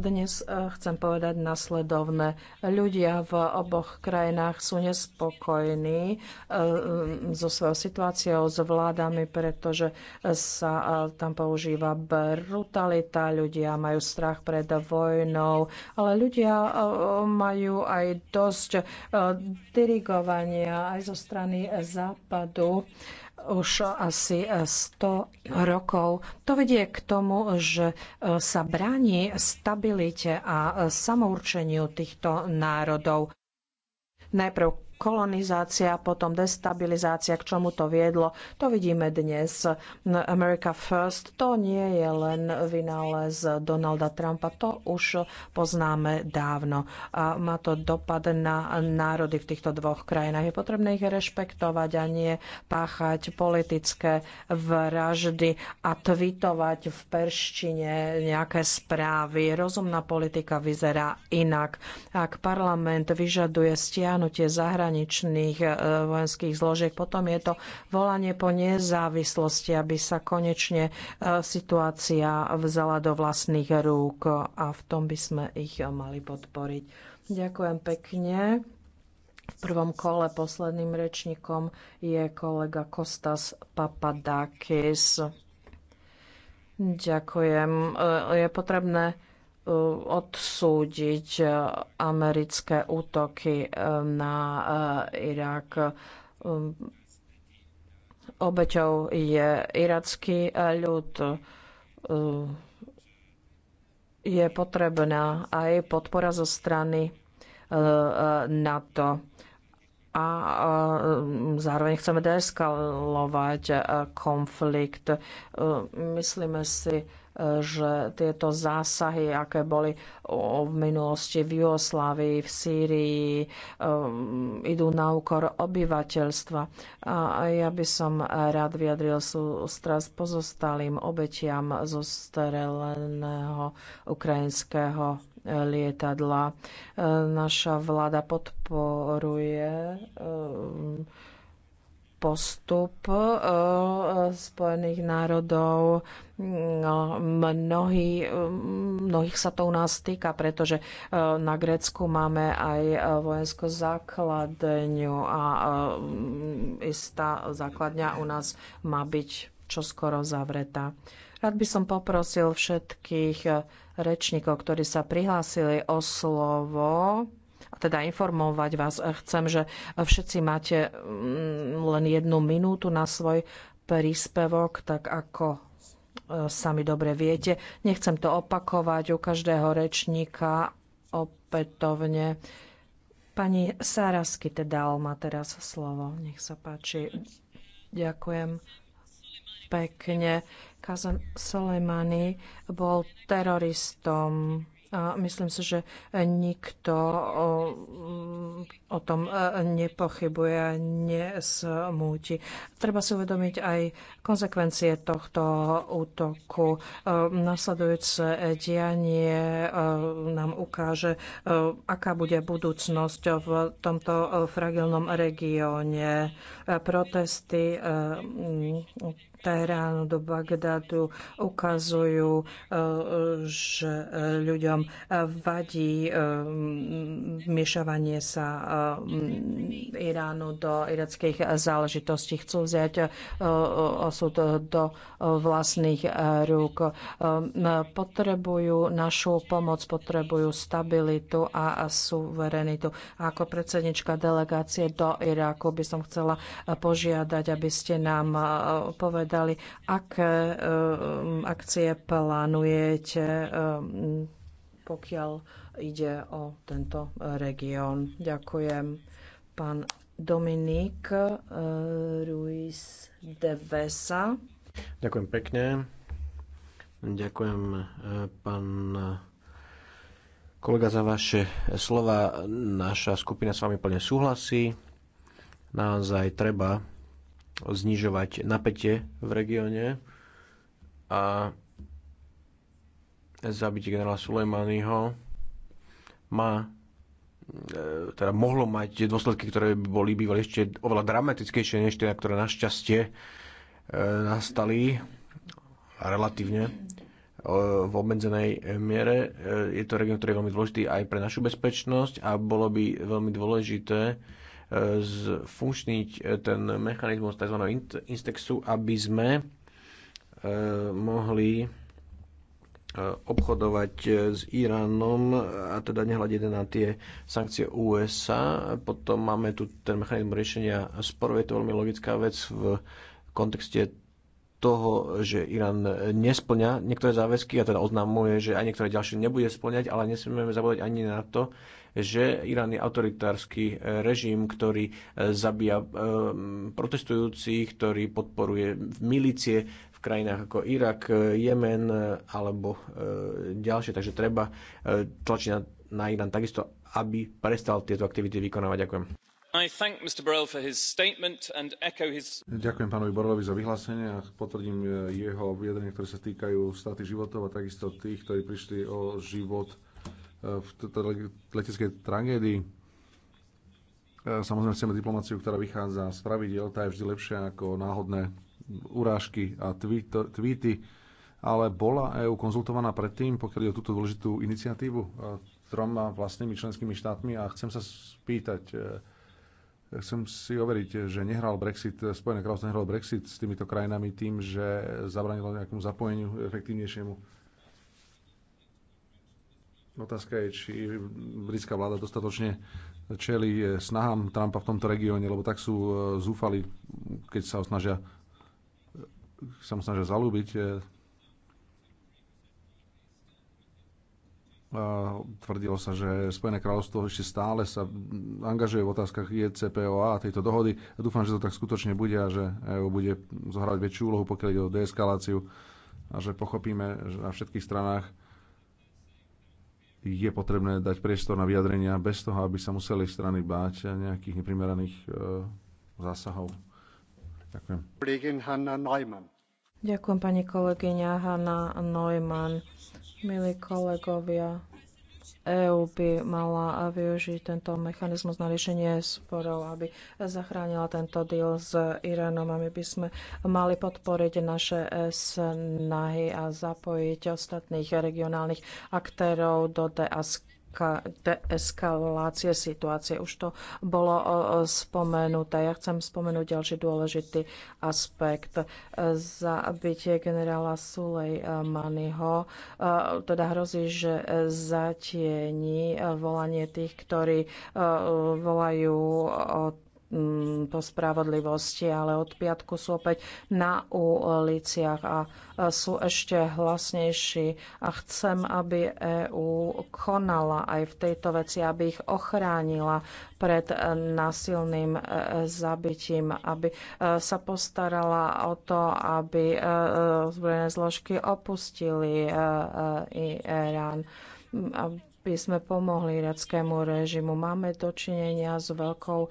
Dnes e, chcem povedať nasledovné. Ľudia v oboch krajinách sú nespokojní e, so svojou situáciou, s vládami, pretože sa e, tam používa brutalita, ľudia majú strach pred vojnou, ale ľudia majú aj dosť dirigovania aj zo strany západu už asi 100 eh, rokov. To vedie k tomu, že eh, sa bráni stabilite a eh, samourčeniu týchto národov. Najprv kolonizácia, potom destabilizácia, k čomu to viedlo. To vidíme dnes. No, America First to nie je len vynález Donalda Trumpa, to už poznáme dávno. A má to dopad na národy v týchto dvoch krajinách. Je potrebné ich rešpektovať a nie páchať politické vraždy a tweetovať v perštine nejaké správy. Rozumná politika vyzerá inak. Ak parlament vyžaduje stiahnutie zahraničných zahraničných e, vojenských zložiek. Potom je to volanie po nezávislosti, aby sa konečne e, situácia vzala do vlastných rúk a v tom by sme ich mali podporiť. Ďakujem pekne. V prvom kole posledným rečníkom je kolega Kostas Papadakis. Ďakujem. E, je potrebné Eh, odsúdiť eh, americké útoky eh, na Irak. Obeťou je iracký ľud. Je potrebná aj podpora zo strany NATO a zároveň chceme deeskalovať konflikt. Myslíme si, že tieto zásahy, aké boli v minulosti v Jugoslávii, v Sýrii, um, idú na úkor obyvateľstva. A ja by som rád vyjadril sústrasť pozostalým obetiam zostreleného ukrajinského e, lietadla. E, naša vláda podporuje e, postup e, e, Spojených národov. No, mnohí, e, mnohých sa to u nás týka, pretože na Grécku máme aj vojenskú základňu a istá základňa u nás má byť čoskoro zavretá. Rád by som poprosil všetkých rečníkov, ktorí sa prihlásili o slovo, a teda informovať vás eh, chcem, že eh, všetci máte mm, len jednu minútu na svoj príspevok, tak ako eh, sami dobre viete. Nechcem to opakovať u každého rečníka opätovne. Pani Sárasky teda má teraz slovo. Nech sa páči. Ďakujem pekne. Kazan Soleimani bol teroristom Myslím si, že nikto o tom e, nepochybuje a nesmúti. Treba si uvedomiť aj konsekvencie tohto útoku. E, nasledujúce dianie e, nám ukáže, aká bude budúcnosť v tomto fragilnom regióne. Protesty Teheránu do Bagdadu ukazujú, e, že e, ľuďom e, vadí miešavanie sa Iránu do irackých záležitostí. Chcú vziať osud do vlastných rúk. Potrebujú našu pomoc, potrebujú stabilitu a suverenitu. Ako predsednička delegácie do Iráku by som chcela požiadať, aby ste nám povedali, povedali, aké e, um, akcie plánujete, um, pokiaľ ide o tento región. Ďakujem. Pán Dominik e, Ruiz de Vesa. Ďakujem pekne. Ďakujem, e, pán kolega, za vaše slova. Naša skupina s vami plne súhlasí. Naozaj treba znižovať napätie v regióne a zabiť generála Sulejmanyho má e, teda mohlo mať dôsledky, ktoré by boli bývali ešte oveľa dramatickejšie než tie, ktoré našťastie e, nastali relatívne e, v obmedzenej miere. Je to region, ktorý je veľmi dôležitý aj pre našu bezpečnosť a bolo by veľmi dôležité zfunkčniť eh, ten mechanizmus tzv. Instexu, aby sme eh, mohli eh, obchodovať s Iránom a teda nehľadiť na tie sankcie USA. Potom máme tu ten mechanizmus riešenia sporov. Je to veľmi logická vec v kontexte toho, že Irán nesplňa niektoré záväzky a teda oznamuje, že aj niektoré ďalšie nebude splňať, ale nesmieme zabúdať ani na to, že Irán je autoritársky režim, ktorý eh, zabíja eh, protestujúcich, ktorý podporuje milície v krajinách ako Irak, eh, Jemen alebo ďalšie. Takže treba tlačiť na, na Irán takisto, aby prestal tieto aktivity vykonávať. Ďakujem. His... Ďakujem pánovi Borrellovi za vyhlásenie a potvrdím jeho vyjadrenie, ktoré sa týkajú státy životov a takisto tých, ktorí prišli o život Eh, v leteckej tragédii. Eh, samozrejme chceme diplomáciu, ktorá vychádza z pravidel, tá je vždy lepšia ako náhodné urážky a tweety, ale bola EU konzultovaná predtým, pokiaľ je o túto dôležitú iniciatívu eh, troma vlastnými členskými štátmi a chcem sa spýtať, chcem si overiť, že nehral Brexit, Spojené kráľovstvo nehral Brexit s týmito krajinami tým, že zabranilo nejakému zapojeniu efektívnejšiemu Otázka je, či britská vláda dostatočne čeli eh, snahám Trumpa v tomto regióne, lebo tak sú eh, zúfali, keď sa ho snažia, eh, sa mu snažia zalúbiť. A tvrdilo sa, že Spojené kráľovstvo ešte stále sa angažuje v otázkach ICPOA a tejto dohody. A dúfam, že to tak skutočne bude a že EU bude zohrať väčšiu úlohu, pokiaľ ide o deeskaláciu a že pochopíme že na všetkých stranách je potrebné dať priestor na vyjadrenia bez toho, aby sa museli strany báť nejakých neprimeraných e, zásahov. Ďakujem. Ďakujem pani kolegyňa Hanna Neumann. Milí kolegovia, EÚ by mala využiť tento mechanizmus na riešenie sporov, aby zachránila tento deal s Iránom a my by sme mali podporiť naše snahy a zapojiť ostatných regionálnych aktérov do DASK deeskalácie situácie. Už to bolo spomenuté. Ja chcem spomenúť ďalší dôležitý aspekt. Zabitie generála Sulej e, Maniho e, teda hrozí, že zatieni e, volanie tých, ktorí volajú o Mm, po spravodlivosti, ale od piatku sú opäť na uliciach a sú ešte hlasnejší. A chcem, aby EÚ konala aj v tejto veci, aby ich ochránila pred násilným e, zabitím, aby e, sa postarala o to, aby e, zbrojené zložky opustili Irán aby sme pomohli irackému režimu. Máme dočinenia s veľkou e,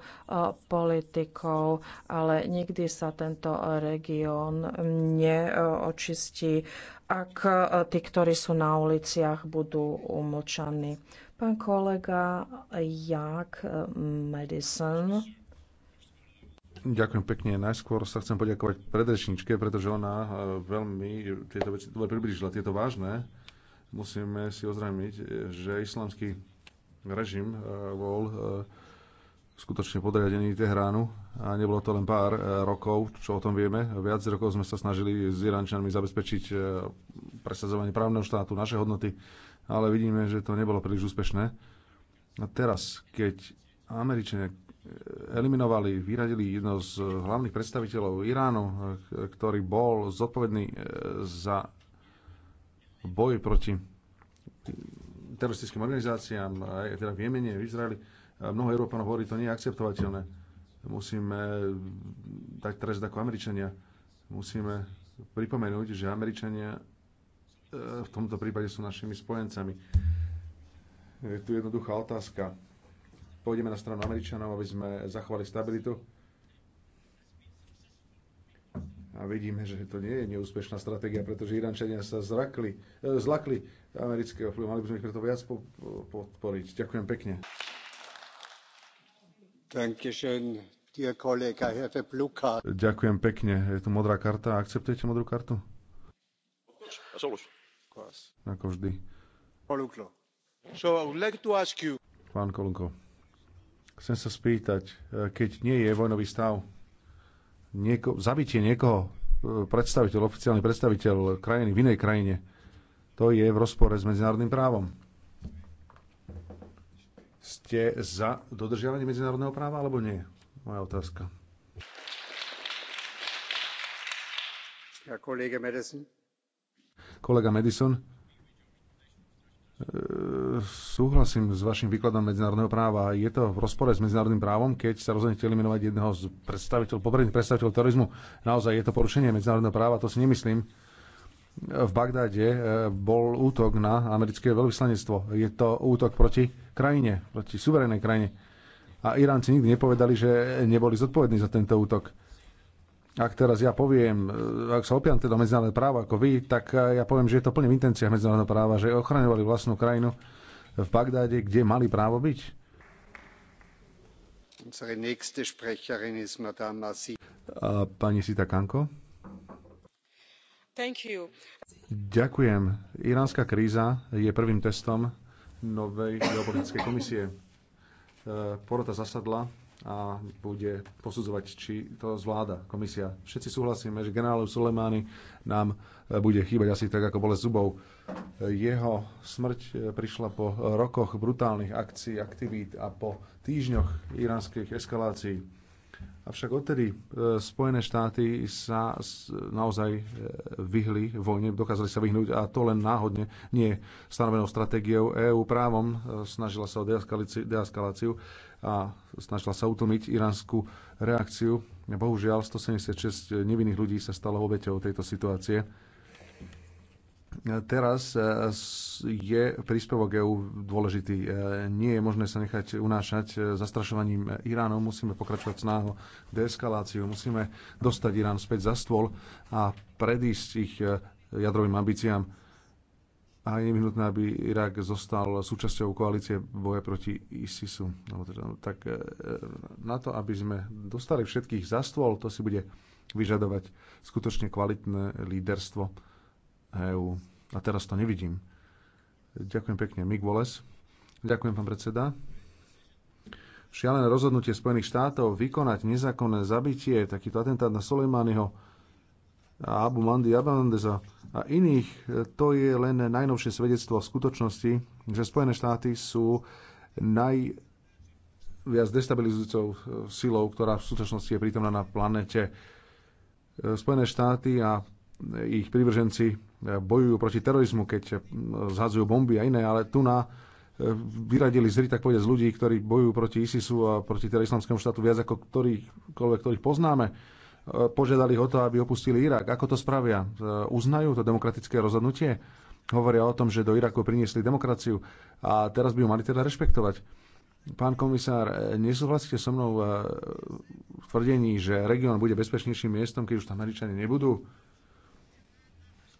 politikou, ale nikdy sa tento región neočistí, ak e, tí, ktorí sú na uliciach, budú umlčaní. Pán kolega Jak e, Madison. Ďakujem pekne. Najskôr sa chcem poďakovať predrečničke, pretože ona veľmi tieto veci približila, tieto vážne Musíme si ozrejmiť, že islamský režim eh, bol eh, skutočne podriadený Tehránu a nebolo to len pár eh, rokov, čo o tom vieme. Viac rokov sme sa snažili s Irančanmi zabezpečiť presadzovanie právneho štátu, naše hodnoty, ale vidíme, že to nebolo príliš úspešné. A teraz, keď Američania eliminovali, vyradili jedno z hlavných predstaviteľov Iránu, ktorý bol zodpovedný za boji proti teroristickým organizáciám, aj teda v Jemene, v Izraeli, mnoho Európanov hovorí, to nie je akceptovateľné. Musíme mm, dať trest ako Američania. Musíme pripomenúť, že Američania e, v tomto prípade sú našimi spojencami. Je tu jednoduchá otázka. Pôjdeme na stranu Američanov, aby sme zachovali stabilitu a vidíme, že to nie je neúspešná stratégia, pretože Irančania sa zrakli, e, zlakli amerického vplyvu. Mali by sme ich preto viac podporiť. Ďakujem pekne. Ďakujem pekne. Je tu modrá karta. Akceptujete modrú kartu? Ako vždy. Pán Kolunko, chcem sa spýtať, e, keď nie je vojnový stav, nieko, zabitie niekoho, e, predstaviteľ, oficiálny predstaviteľ krajiny v inej krajine, to je v rozpore s medzinárodným právom. Ste za dodržiavanie medzinárodného práva alebo nie? Moja otázka. Ja, kolega Madison. Kolega Madison e, súhlasím s vašim výkladom medzinárodného práva. Je to v rozpore s medzinárodným právom, keď sa rozhodnete eliminovať jedného z predstaviteľov, popredných predstaviteľov terorizmu. Naozaj je to porušenie medzinárodného práva, to si nemyslím v Bagdáde e, bol útok na americké veľvyslanectvo. Je to útok proti krajine, proti suverénnej krajine. A Iránci nikdy nepovedali, že neboli zodpovední za tento útok. Ak teraz ja poviem, e, ak sa opiam teda medzinárodné právo ako vy, tak e, ja poviem, že je to plne v intenciách medzinárodného práva, že ochraňovali vlastnú krajinu v Bagdáde, kde mali právo byť. A pani Sita Kanko. Ďakujem. Iránska kríza je prvým testom novej geopolitickej komisie. E, porota zasadla a bude posudzovať, či to zvláda komisia. Všetci súhlasíme, že generálu Sulemány nám e, bude chýbať asi tak ako bolesť zubov. Jeho smrť e, prišla po rokoch brutálnych akcií, aktivít a po týždňoch iránskych eskalácií. Avšak odtedy e, Spojené štáty sa naozaj e, vyhli vojne, dokázali sa vyhnúť a to len náhodne, nie stanovenou stratégiou EÚ právom, snažila sa o deeskaláciu a snažila sa utlmiť iránsku reakciu. Bohužiaľ, 176 nevinných ľudí sa stalo obeťou tejto situácie Teraz e, je príspevok EÚ dôležitý. E, nie je možné sa nechať unášať e, zastrašovaním Iránu. Musíme pokračovať snáho deeskaláciu. Musíme dostať Irán späť za stôl a predísť ich jadrovým ambíciám. A je nevyhnutné, aby Irak zostal súčasťou koalície boje proti ISISu. Teda, no, tak na to, aby sme dostali všetkých za stôl, to si bude vyžadovať skutočne kvalitné líderstvo EÚ. A teraz to nevidím. Ďakujem pekne. Mick Wallace. Ďakujem, pán predseda. Šialené rozhodnutie Spojených štátov vykonať nezákonné zabitie, takýto atentát na Soleimányho a Abu Mandi Abandeza a iných, to je len najnovšie svedectvo v skutočnosti, že Spojené štáty sú najviac destabilizujúcou silou, ktorá v súčasnosti je prítomná na planete. Spojené štáty a ich prívrženci eh, bojujú proti terorizmu, keď eh, zhadzujú bomby a iné, ale tu na eh, vyradili zri, tak povedať, z ľudí, ktorí bojujú proti ISISu a proti teda islamskému štátu viac ako koľvek, ktorých poznáme. Požiadali o to, aby opustili Irak. Ako to spravia? Uznajú to demokratické rozhodnutie? Hovoria o tom, že do Iraku priniesli demokraciu a teraz by ju mali teda rešpektovať. Pán komisár, nesúhlasíte so mnou v tvrdení, že región bude bezpečnejším miestom, keď už tam Američania nebudú?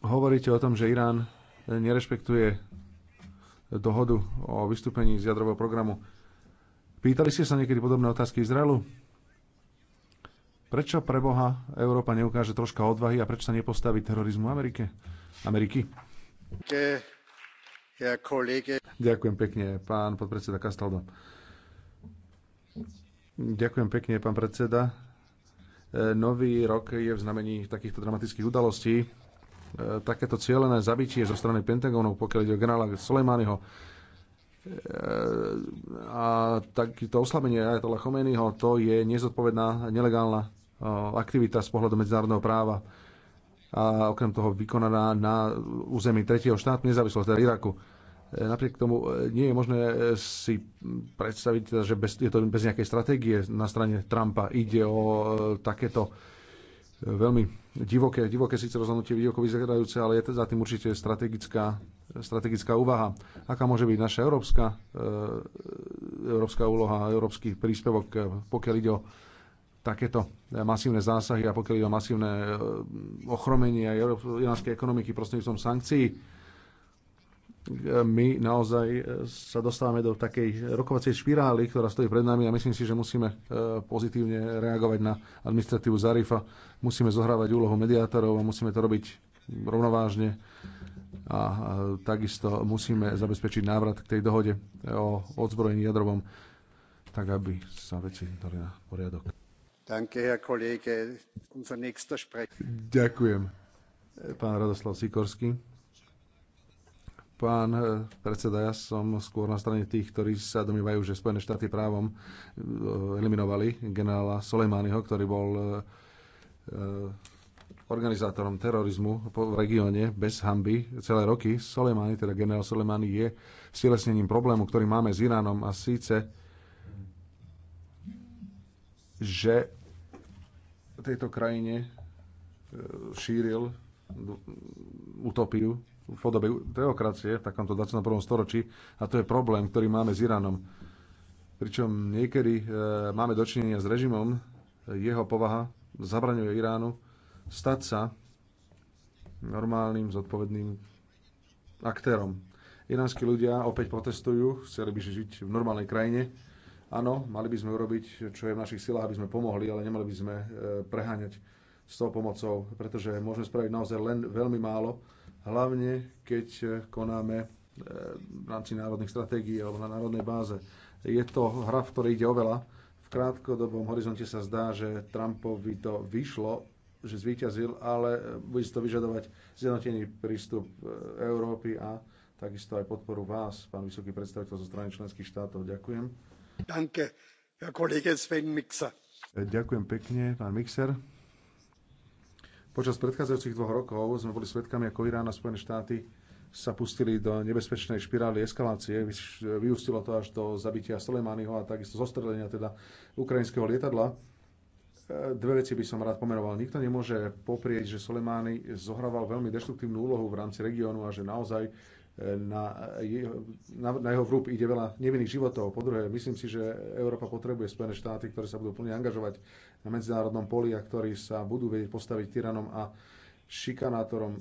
Hovoríte o tom, že Irán nerešpektuje dohodu o vystúpení z jadrového programu. Pýtali ste sa niekedy podobné otázky Izraelu? Prečo pre Boha Európa neukáže troška odvahy a prečo sa nepostaví terorizmu Amerike? Ameriky? Ďakujem pekne, pán podpredseda Castaldo. Ďakujem pekne, pán predseda. E, nový rok je v znamení takýchto dramatických udalostí E, takéto cieľené zabitie zo strany Pentagonu, pokiaľ ide o generála Soleimányho e, a takýto oslabenie Ajatola Chomeniho, to je nezodpovedná nelegálna e, aktivita z pohľadu medzinárodného práva a okrem toho vykonaná na území tretieho štátu, nezávislosti teda Iraku. Napriek tomu nie je možné si predstaviť, teda, že bez, je to bez nejakej stratégie na strane Trumpa. Ide o takéto veľmi divoké, divoké síce rozhodnutie divoko vyzerajúce, ale je za tým určite strategická, strategická úvaha. Aká môže byť naša európska, e, európska úloha, európsky príspevok, e, pokiaľ ide o takéto masívne zásahy a pokiaľ ide o masívne e, ochromenie európskej ekonomiky prostredníctvom sankcií, E, my naozaj e, sa dostávame do takej rokovacej špirály, ktorá stojí pred nami a myslím si, že musíme e, pozitívne reagovať na administratívu Zarifa, musíme zohrávať úlohu mediátorov a musíme to robiť rovnovážne a takisto musíme zabezpečiť návrat k tej dohode o odzbrojení jadrovom, tak aby sa veci dali na poriadok. Ďakujem. Pán Radoslav Sikorský. Pán eh, predseda, ja som skôr na strane tých, ktorí sa domývajú, že Spojené štáty právom eh, eliminovali generála Soleimányho, ktorý bol eh, organizátorom terorizmu v regióne bez hamby celé roky. Soleimani, teda generál Soleimani je stelesnením problému, ktorý máme s Iránom a síce, že tejto krajine šíril utopiu v podobe teokracie v takomto 21. storočí a to je problém, ktorý máme s Iránom. Pričom niekedy e, máme dočinenia s režimom, e, jeho povaha zabraňuje Iránu stať sa normálnym, zodpovedným aktérom. Iránsky ľudia opäť protestujú, chceli by žiť v normálnej krajine. Áno, mali by sme urobiť, čo je v našich silách, aby sme pomohli, ale nemali by sme e, preháňať s tou pomocou, pretože môžeme spraviť naozaj len veľmi málo hlavne keď eh, konáme eh, v rámci národných stratégií alebo na národnej báze. Je to hra, v ktorej ide oveľa. V krátkodobom horizonte sa zdá, že Trumpovi to vyšlo, že zvíťazil, ale eh, bude to vyžadovať zjednotený prístup Európy a takisto aj podporu vás, pán vysoký predstaviteľ zo strany členských štátov. Ďakujem. Danke, Sven Mixer. Ďakujem pekne, pán Mixer. Počas predchádzajúcich dvoch rokov sme boli svedkami, ako Irán a Spojené štáty sa pustili do nebezpečnej špirály eskalácie. Vyústilo to až do zabitia Soleimányho a takisto zostrelenia teda ukrajinského lietadla. E, dve veci by som rád pomenoval. Nikto nemôže poprieť, že Soleimány zohrával veľmi deštruktívnu úlohu v rámci regiónu a že naozaj e, na, na, na jeho vrúb ide veľa nevinných životov. Po druhé, myslím si, že Európa potrebuje Spojené štáty, ktoré sa budú plne angažovať na medzinárodnom poli a ktorí sa budú vedieť postaviť tyranom a šikanátorom.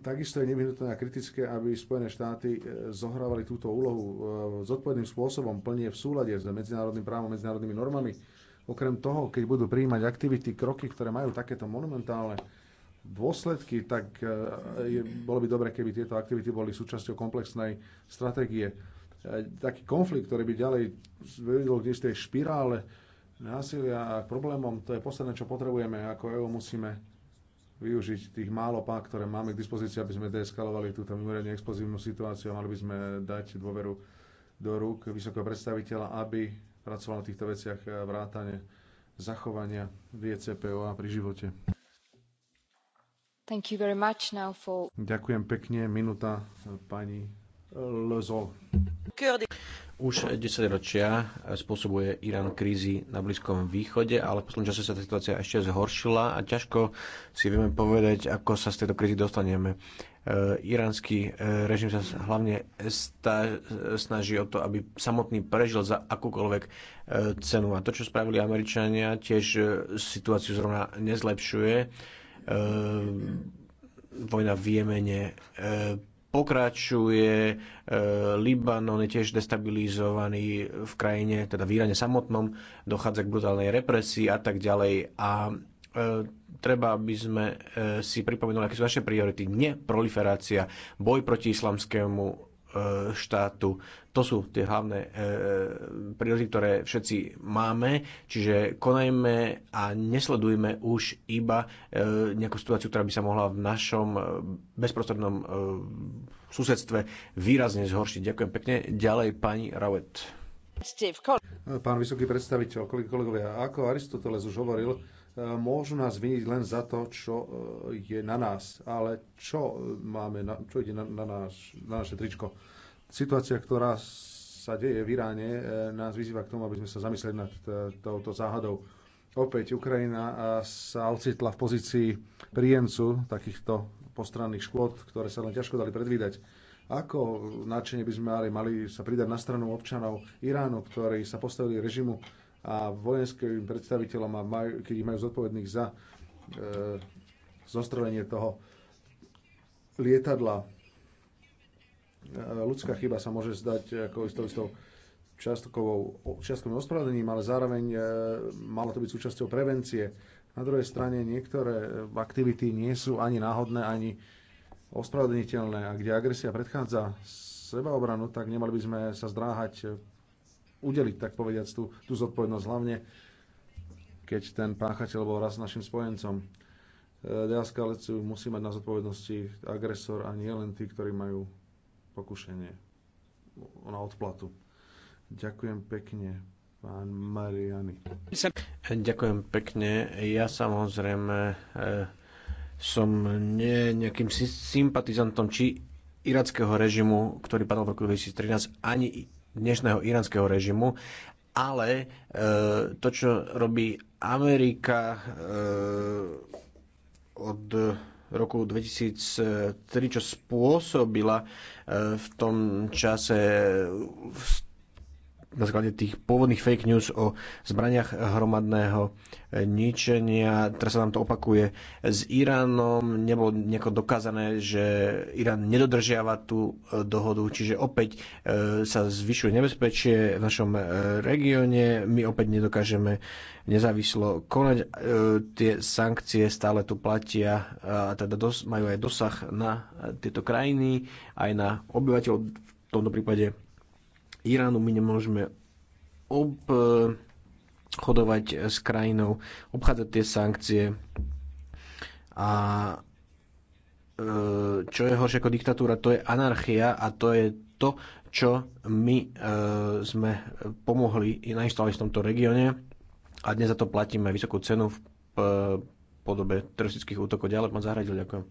Takisto je nevyhnutné a kritické, aby Spojené štáty e, zohrávali túto úlohu e, zodpovedným spôsobom, plne v súlade s medzinárodným právom, medzinárodnými normami. Okrem toho, keď budú prijímať aktivity, kroky, ktoré majú takéto monumentálne dôsledky, tak e, je, bolo by dobre, keby tieto aktivity boli súčasťou komplexnej stratégie. Taký konflikt, ktorý by ďalej vyvedol k tej špirále, násilia a k problémom, to je posledné, čo potrebujeme. Ako EU musíme využiť tých málo pák, ktoré máme k dispozícii, aby sme deeskalovali túto mimoriadne explozívnu situáciu a mali by sme dať dôveru do rúk vysokého predstaviteľa, aby pracoval na týchto veciach vrátane zachovania VCPO pri živote. Thank you very much now for... Ďakujem pekne. Minúta pani Lezol. Už 10 ročia spôsobuje Irán krízy na Blízkom východe, ale v poslednom čase sa tá situácia ešte zhoršila a ťažko si vieme povedať, ako sa z tejto krízy dostaneme. Eh, iránsky eh, režim sa hlavne snaží o to, aby samotný prežil za akúkoľvek eh, cenu. A to, čo spravili Američania, tiež situáciu zrovna nezlepšuje. Vojna v Jemene pokračuje. E, Libanon je tiež destabilizovaný v krajine, teda v Iráne samotnom, dochádza k brutálnej represii a tak ďalej. A e, treba, aby sme e, si pripomenuli, aké sú naše priority. Neproliferácia, boj proti islamskému E, štátu. To sú tie hlavné e, príležitosti, ktoré všetci máme, čiže konajme a nesledujme už iba e, nejakú situáciu, ktorá by sa mohla v našom bezprostrednom susedstve výrazne zhoršiť. Ďakujem pekne. Ďalej pani Rauet. Pán vysoký predstaviteľ, kolegovia, ako Aristoteles už hovoril, E, môžu nás viniť len za to, čo e, je na nás. Ale čo, máme, na, čo ide na, na, náš, na naše tričko? Situácia, ktorá sa deje v Iráne, e, nás vyzýva k tomu, aby sme sa zamysleli nad touto záhadou. Opäť Ukrajina sa ocitla v pozícii príjemcu takýchto postranných škôd, ktoré sa len ťažko dali predvídať. Ako nadšenie by sme mali, mali sa pridať na stranu občanov Iránu, ktorí sa postavili režimu a vojenským predstaviteľom, a majú, keď ich majú zodpovedných za e, zostrelenie toho lietadla. E, ľudská chyba sa môže zdať ako istou, istou čiastkovým ospravedlením, ale zároveň e, malo to byť súčasťou prevencie. Na druhej strane niektoré aktivity nie sú ani náhodné, ani ospravedlniteľné a kde agresia predchádza sebaobranu, tak nemali by sme sa zdráhať udeliť, tak povediať, tú, tú zodpovednosť. Hlavne, keď ten páchateľ bol raz našim spojencom. E, Deaskaleciu musí mať na zodpovednosti agresor a nie len tí, ktorí majú pokušenie na odplatu. Ďakujem pekne, pán Mariany. Ďakujem pekne. Ja samozrejme e, som nie nejakým sympatizantom či irackého režimu, ktorý padol v roku 2013, ani dnešného iránskeho režimu, ale e, to, čo robí Amerika e, od roku 2003, čo spôsobila e, v tom čase na základe tých pôvodných fake news o zbraniach hromadného ničenia. Teraz sa nám to opakuje s Iránom. Nebolo nejako dokázané, že Irán nedodržiava tú e, dohodu, čiže opäť e, sa zvyšuje nebezpečie v našom e, regióne. My opäť nedokážeme nezávislo konať. Tie sankcie stále tu platia a teda majú aj dosah na tieto krajiny, aj na obyvateľov v tomto prípade Iránu my nemôžeme obchodovať eh, s krajinou, obchádzať tie sankcie a eh, čo je horšie ako diktatúra, to je anarchia a to je to, čo my eh, sme pomohli i nainstalovať v tomto regióne a dnes za to platíme vysokú cenu v podobe teroristických útokov. Ďalej, pán Zahradil, ďakujem.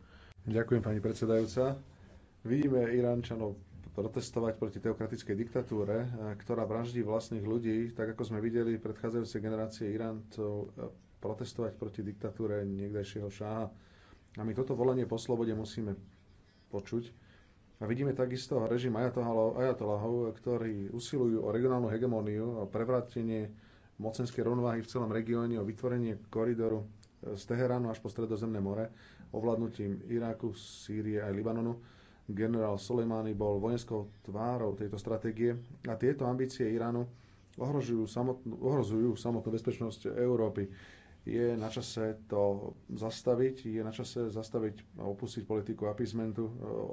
Ďakujem, pani predsedajúca. Vidíme Iránčanov protestovať proti teokratickej diktatúre, eh, ktorá vraždí vlastných ľudí, tak ako sme videli predchádzajúce generácie Iráncov eh, protestovať proti diktatúre niekdajšieho šáha. A my toto volanie po slobode musíme počuť. A vidíme takisto režim ajatolahov, eh, ktorí usilujú o regionálnu hegemóniu, o prevrátenie mocenskej rovnováhy v celom regióne, o vytvorenie koridoru z Teheránu až po Stredozemné more, ovládnutím Iráku, Sýrie aj Libanonu Generál Soleimani bol vojenskou tvárou tejto stratégie a tieto ambície Iránu ohrozujú samotnú, ohrozujú samotnú bezpečnosť Európy. Je na čase to zastaviť, je na čase zastaviť a opustiť politiku apizmentu,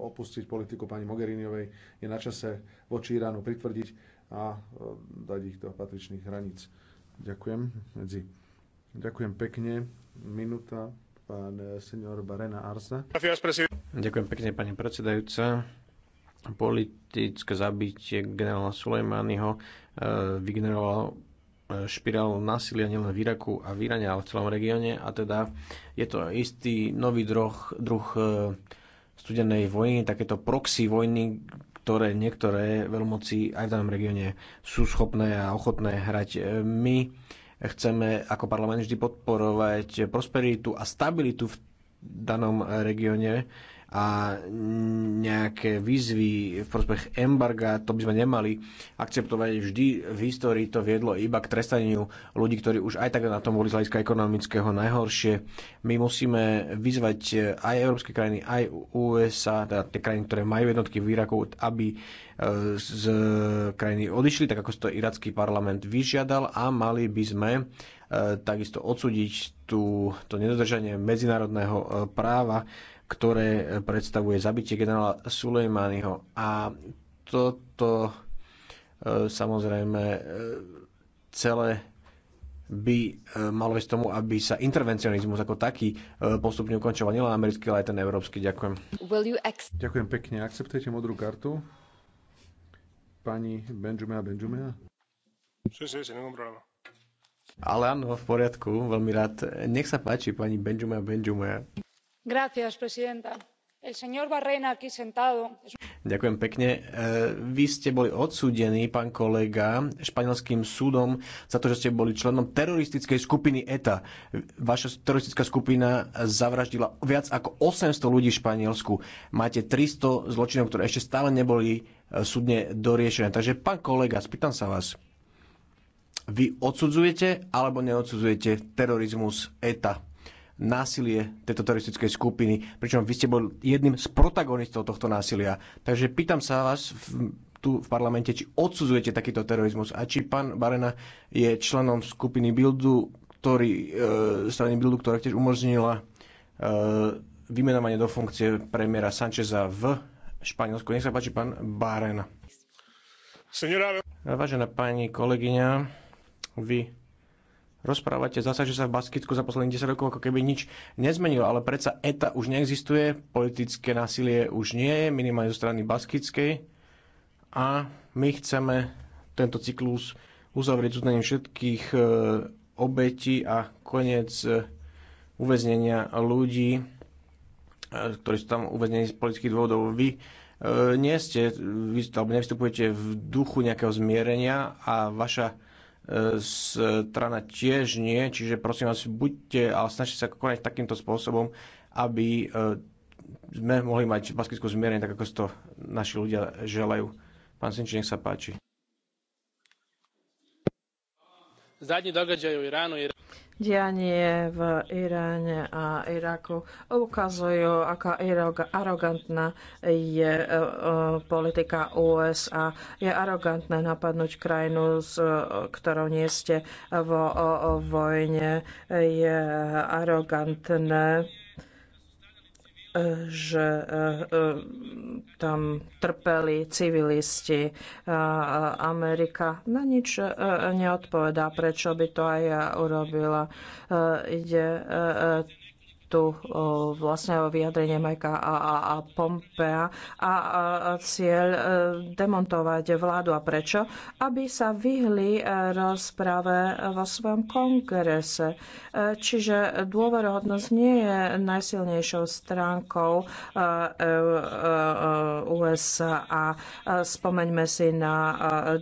opustiť politiku pani Mogheriniovej, je na čase voči Iránu pritvrdiť a e, dať ich do patričných hraníc. Ďakujem. Medzi. Ďakujem pekne. Minúta pán eh, senior Barena Arsa. Ďakujem pekne, pani predsedajúca. Politické zabitie generála Sulejmányho eh, vygenerovalo eh, špirál násilia nielen v Iraku a v Iráne, ale v celom regióne. A teda je to istý nový druh, druh studenej vojny, takéto proxy vojny, ktoré niektoré veľmoci aj v danom regióne sú schopné a ochotné hrať. My Chceme ako parlament vždy podporovať prosperitu a stabilitu v danom regióne a nejaké výzvy v prospech embarga, to by sme nemali akceptovať. Vždy v histórii to viedlo iba k trestaniu ľudí, ktorí už aj tak na tom boli z hľadiska ekonomického najhoršie. My musíme vyzvať aj európske krajiny, aj USA, teda tie krajiny, ktoré majú jednotky v Iraku, aby e, z krajiny odišli, tak ako si to iracký parlament vyžiadal a mali by sme E, takisto odsúdiť tú, to nedodržanie medzinárodného e, práva, ktoré predstavuje zabitie generála Sulejmányho. A toto e, samozrejme celé by malo ísť tomu, aby sa intervencionizmus ako taký postupne ukončoval nielen americký, ale aj ten európsky. Ďakujem. Ďakujem pekne. Akceptujete modrú kartu? Pani Benjumea Benjumea? Sí, sí, sin ningún problema. Ale áno, v poriadku, veľmi rád. Nech sa páči, pani Benjumea Benjumea. Gracias, presidenta. El señor Barrena aquí sentado. Ďakujem pekne. E, vy ste boli odsúdení, pán kolega, španielským súdom za to, že ste boli členom teroristickej skupiny ETA. Vaša teroristická skupina zavraždila viac ako 800 ľudí v Španielsku. Máte 300 zločinov, ktoré ešte stále neboli e, súdne doriešené. Takže, pán kolega, spýtam sa vás, vy odsudzujete alebo neodsudzujete terorizmus ETA, násilie tejto teroristickej skupiny, pričom vy ste bol jedným z protagonistov tohto násilia. Takže pýtam sa vás tu v parlamente, či odsudzujete takýto terorizmus a či pán Barena je členom skupiny Bildu, ktorý, e, strany Bildu, ktorá tiež umožnila e, vymenovanie do funkcie premiéra Sancheza v Španielsku. Nech sa páči, pán Barena. Vážená pani kolegyňa, vy rozprávate zase, že sa v Baskicku za posledných 10 rokov ako keby nič nezmenilo, ale predsa ETA už neexistuje, politické násilie už nie je, minimálne zo strany Baskickej a my chceme tento cyklus uzavrieť uznaním všetkých e, obetí a koniec e, uväznenia ľudí, e, ktorí sú tam uväznení z politických dôvodov. Vy nie ste, vy, alebo nevstupujete v duchu nejakého zmierenia a vaša strana tiež nie, čiže prosím vás, buďte a snažte sa konať takýmto spôsobom, aby eh, sme mohli mať baskickú zmierenie, tak ako to naši ľudia želajú. Pán Sinči, nech sa páči. zadnji događaj u Iranu i dianie v Iráne a Iraku ukazujú, aká arogantná je e, e, politika USA. Je arogantné napadnúť krajinu, s e, ktorou nie ste vo vojne. Je arogantné že eh, eh, tam trpeli civilisti. Eh, Amerika na nič neodpovedá, prečo by to aj ja urobila. Ide tu vlastne vyjadrenie Majka a, a, a Pompea a, a cieľ e, demontovať vládu. A prečo? Aby sa vyhli e, rozprave vo svojom kongrese. E, čiže dôverohodnosť nie je najsilnejšou stránkou USA. A spomeňme si na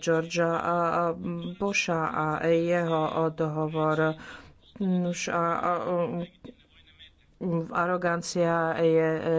Georgia Busha a jeho dohovor. Už a, a, Mm, arogancia je e,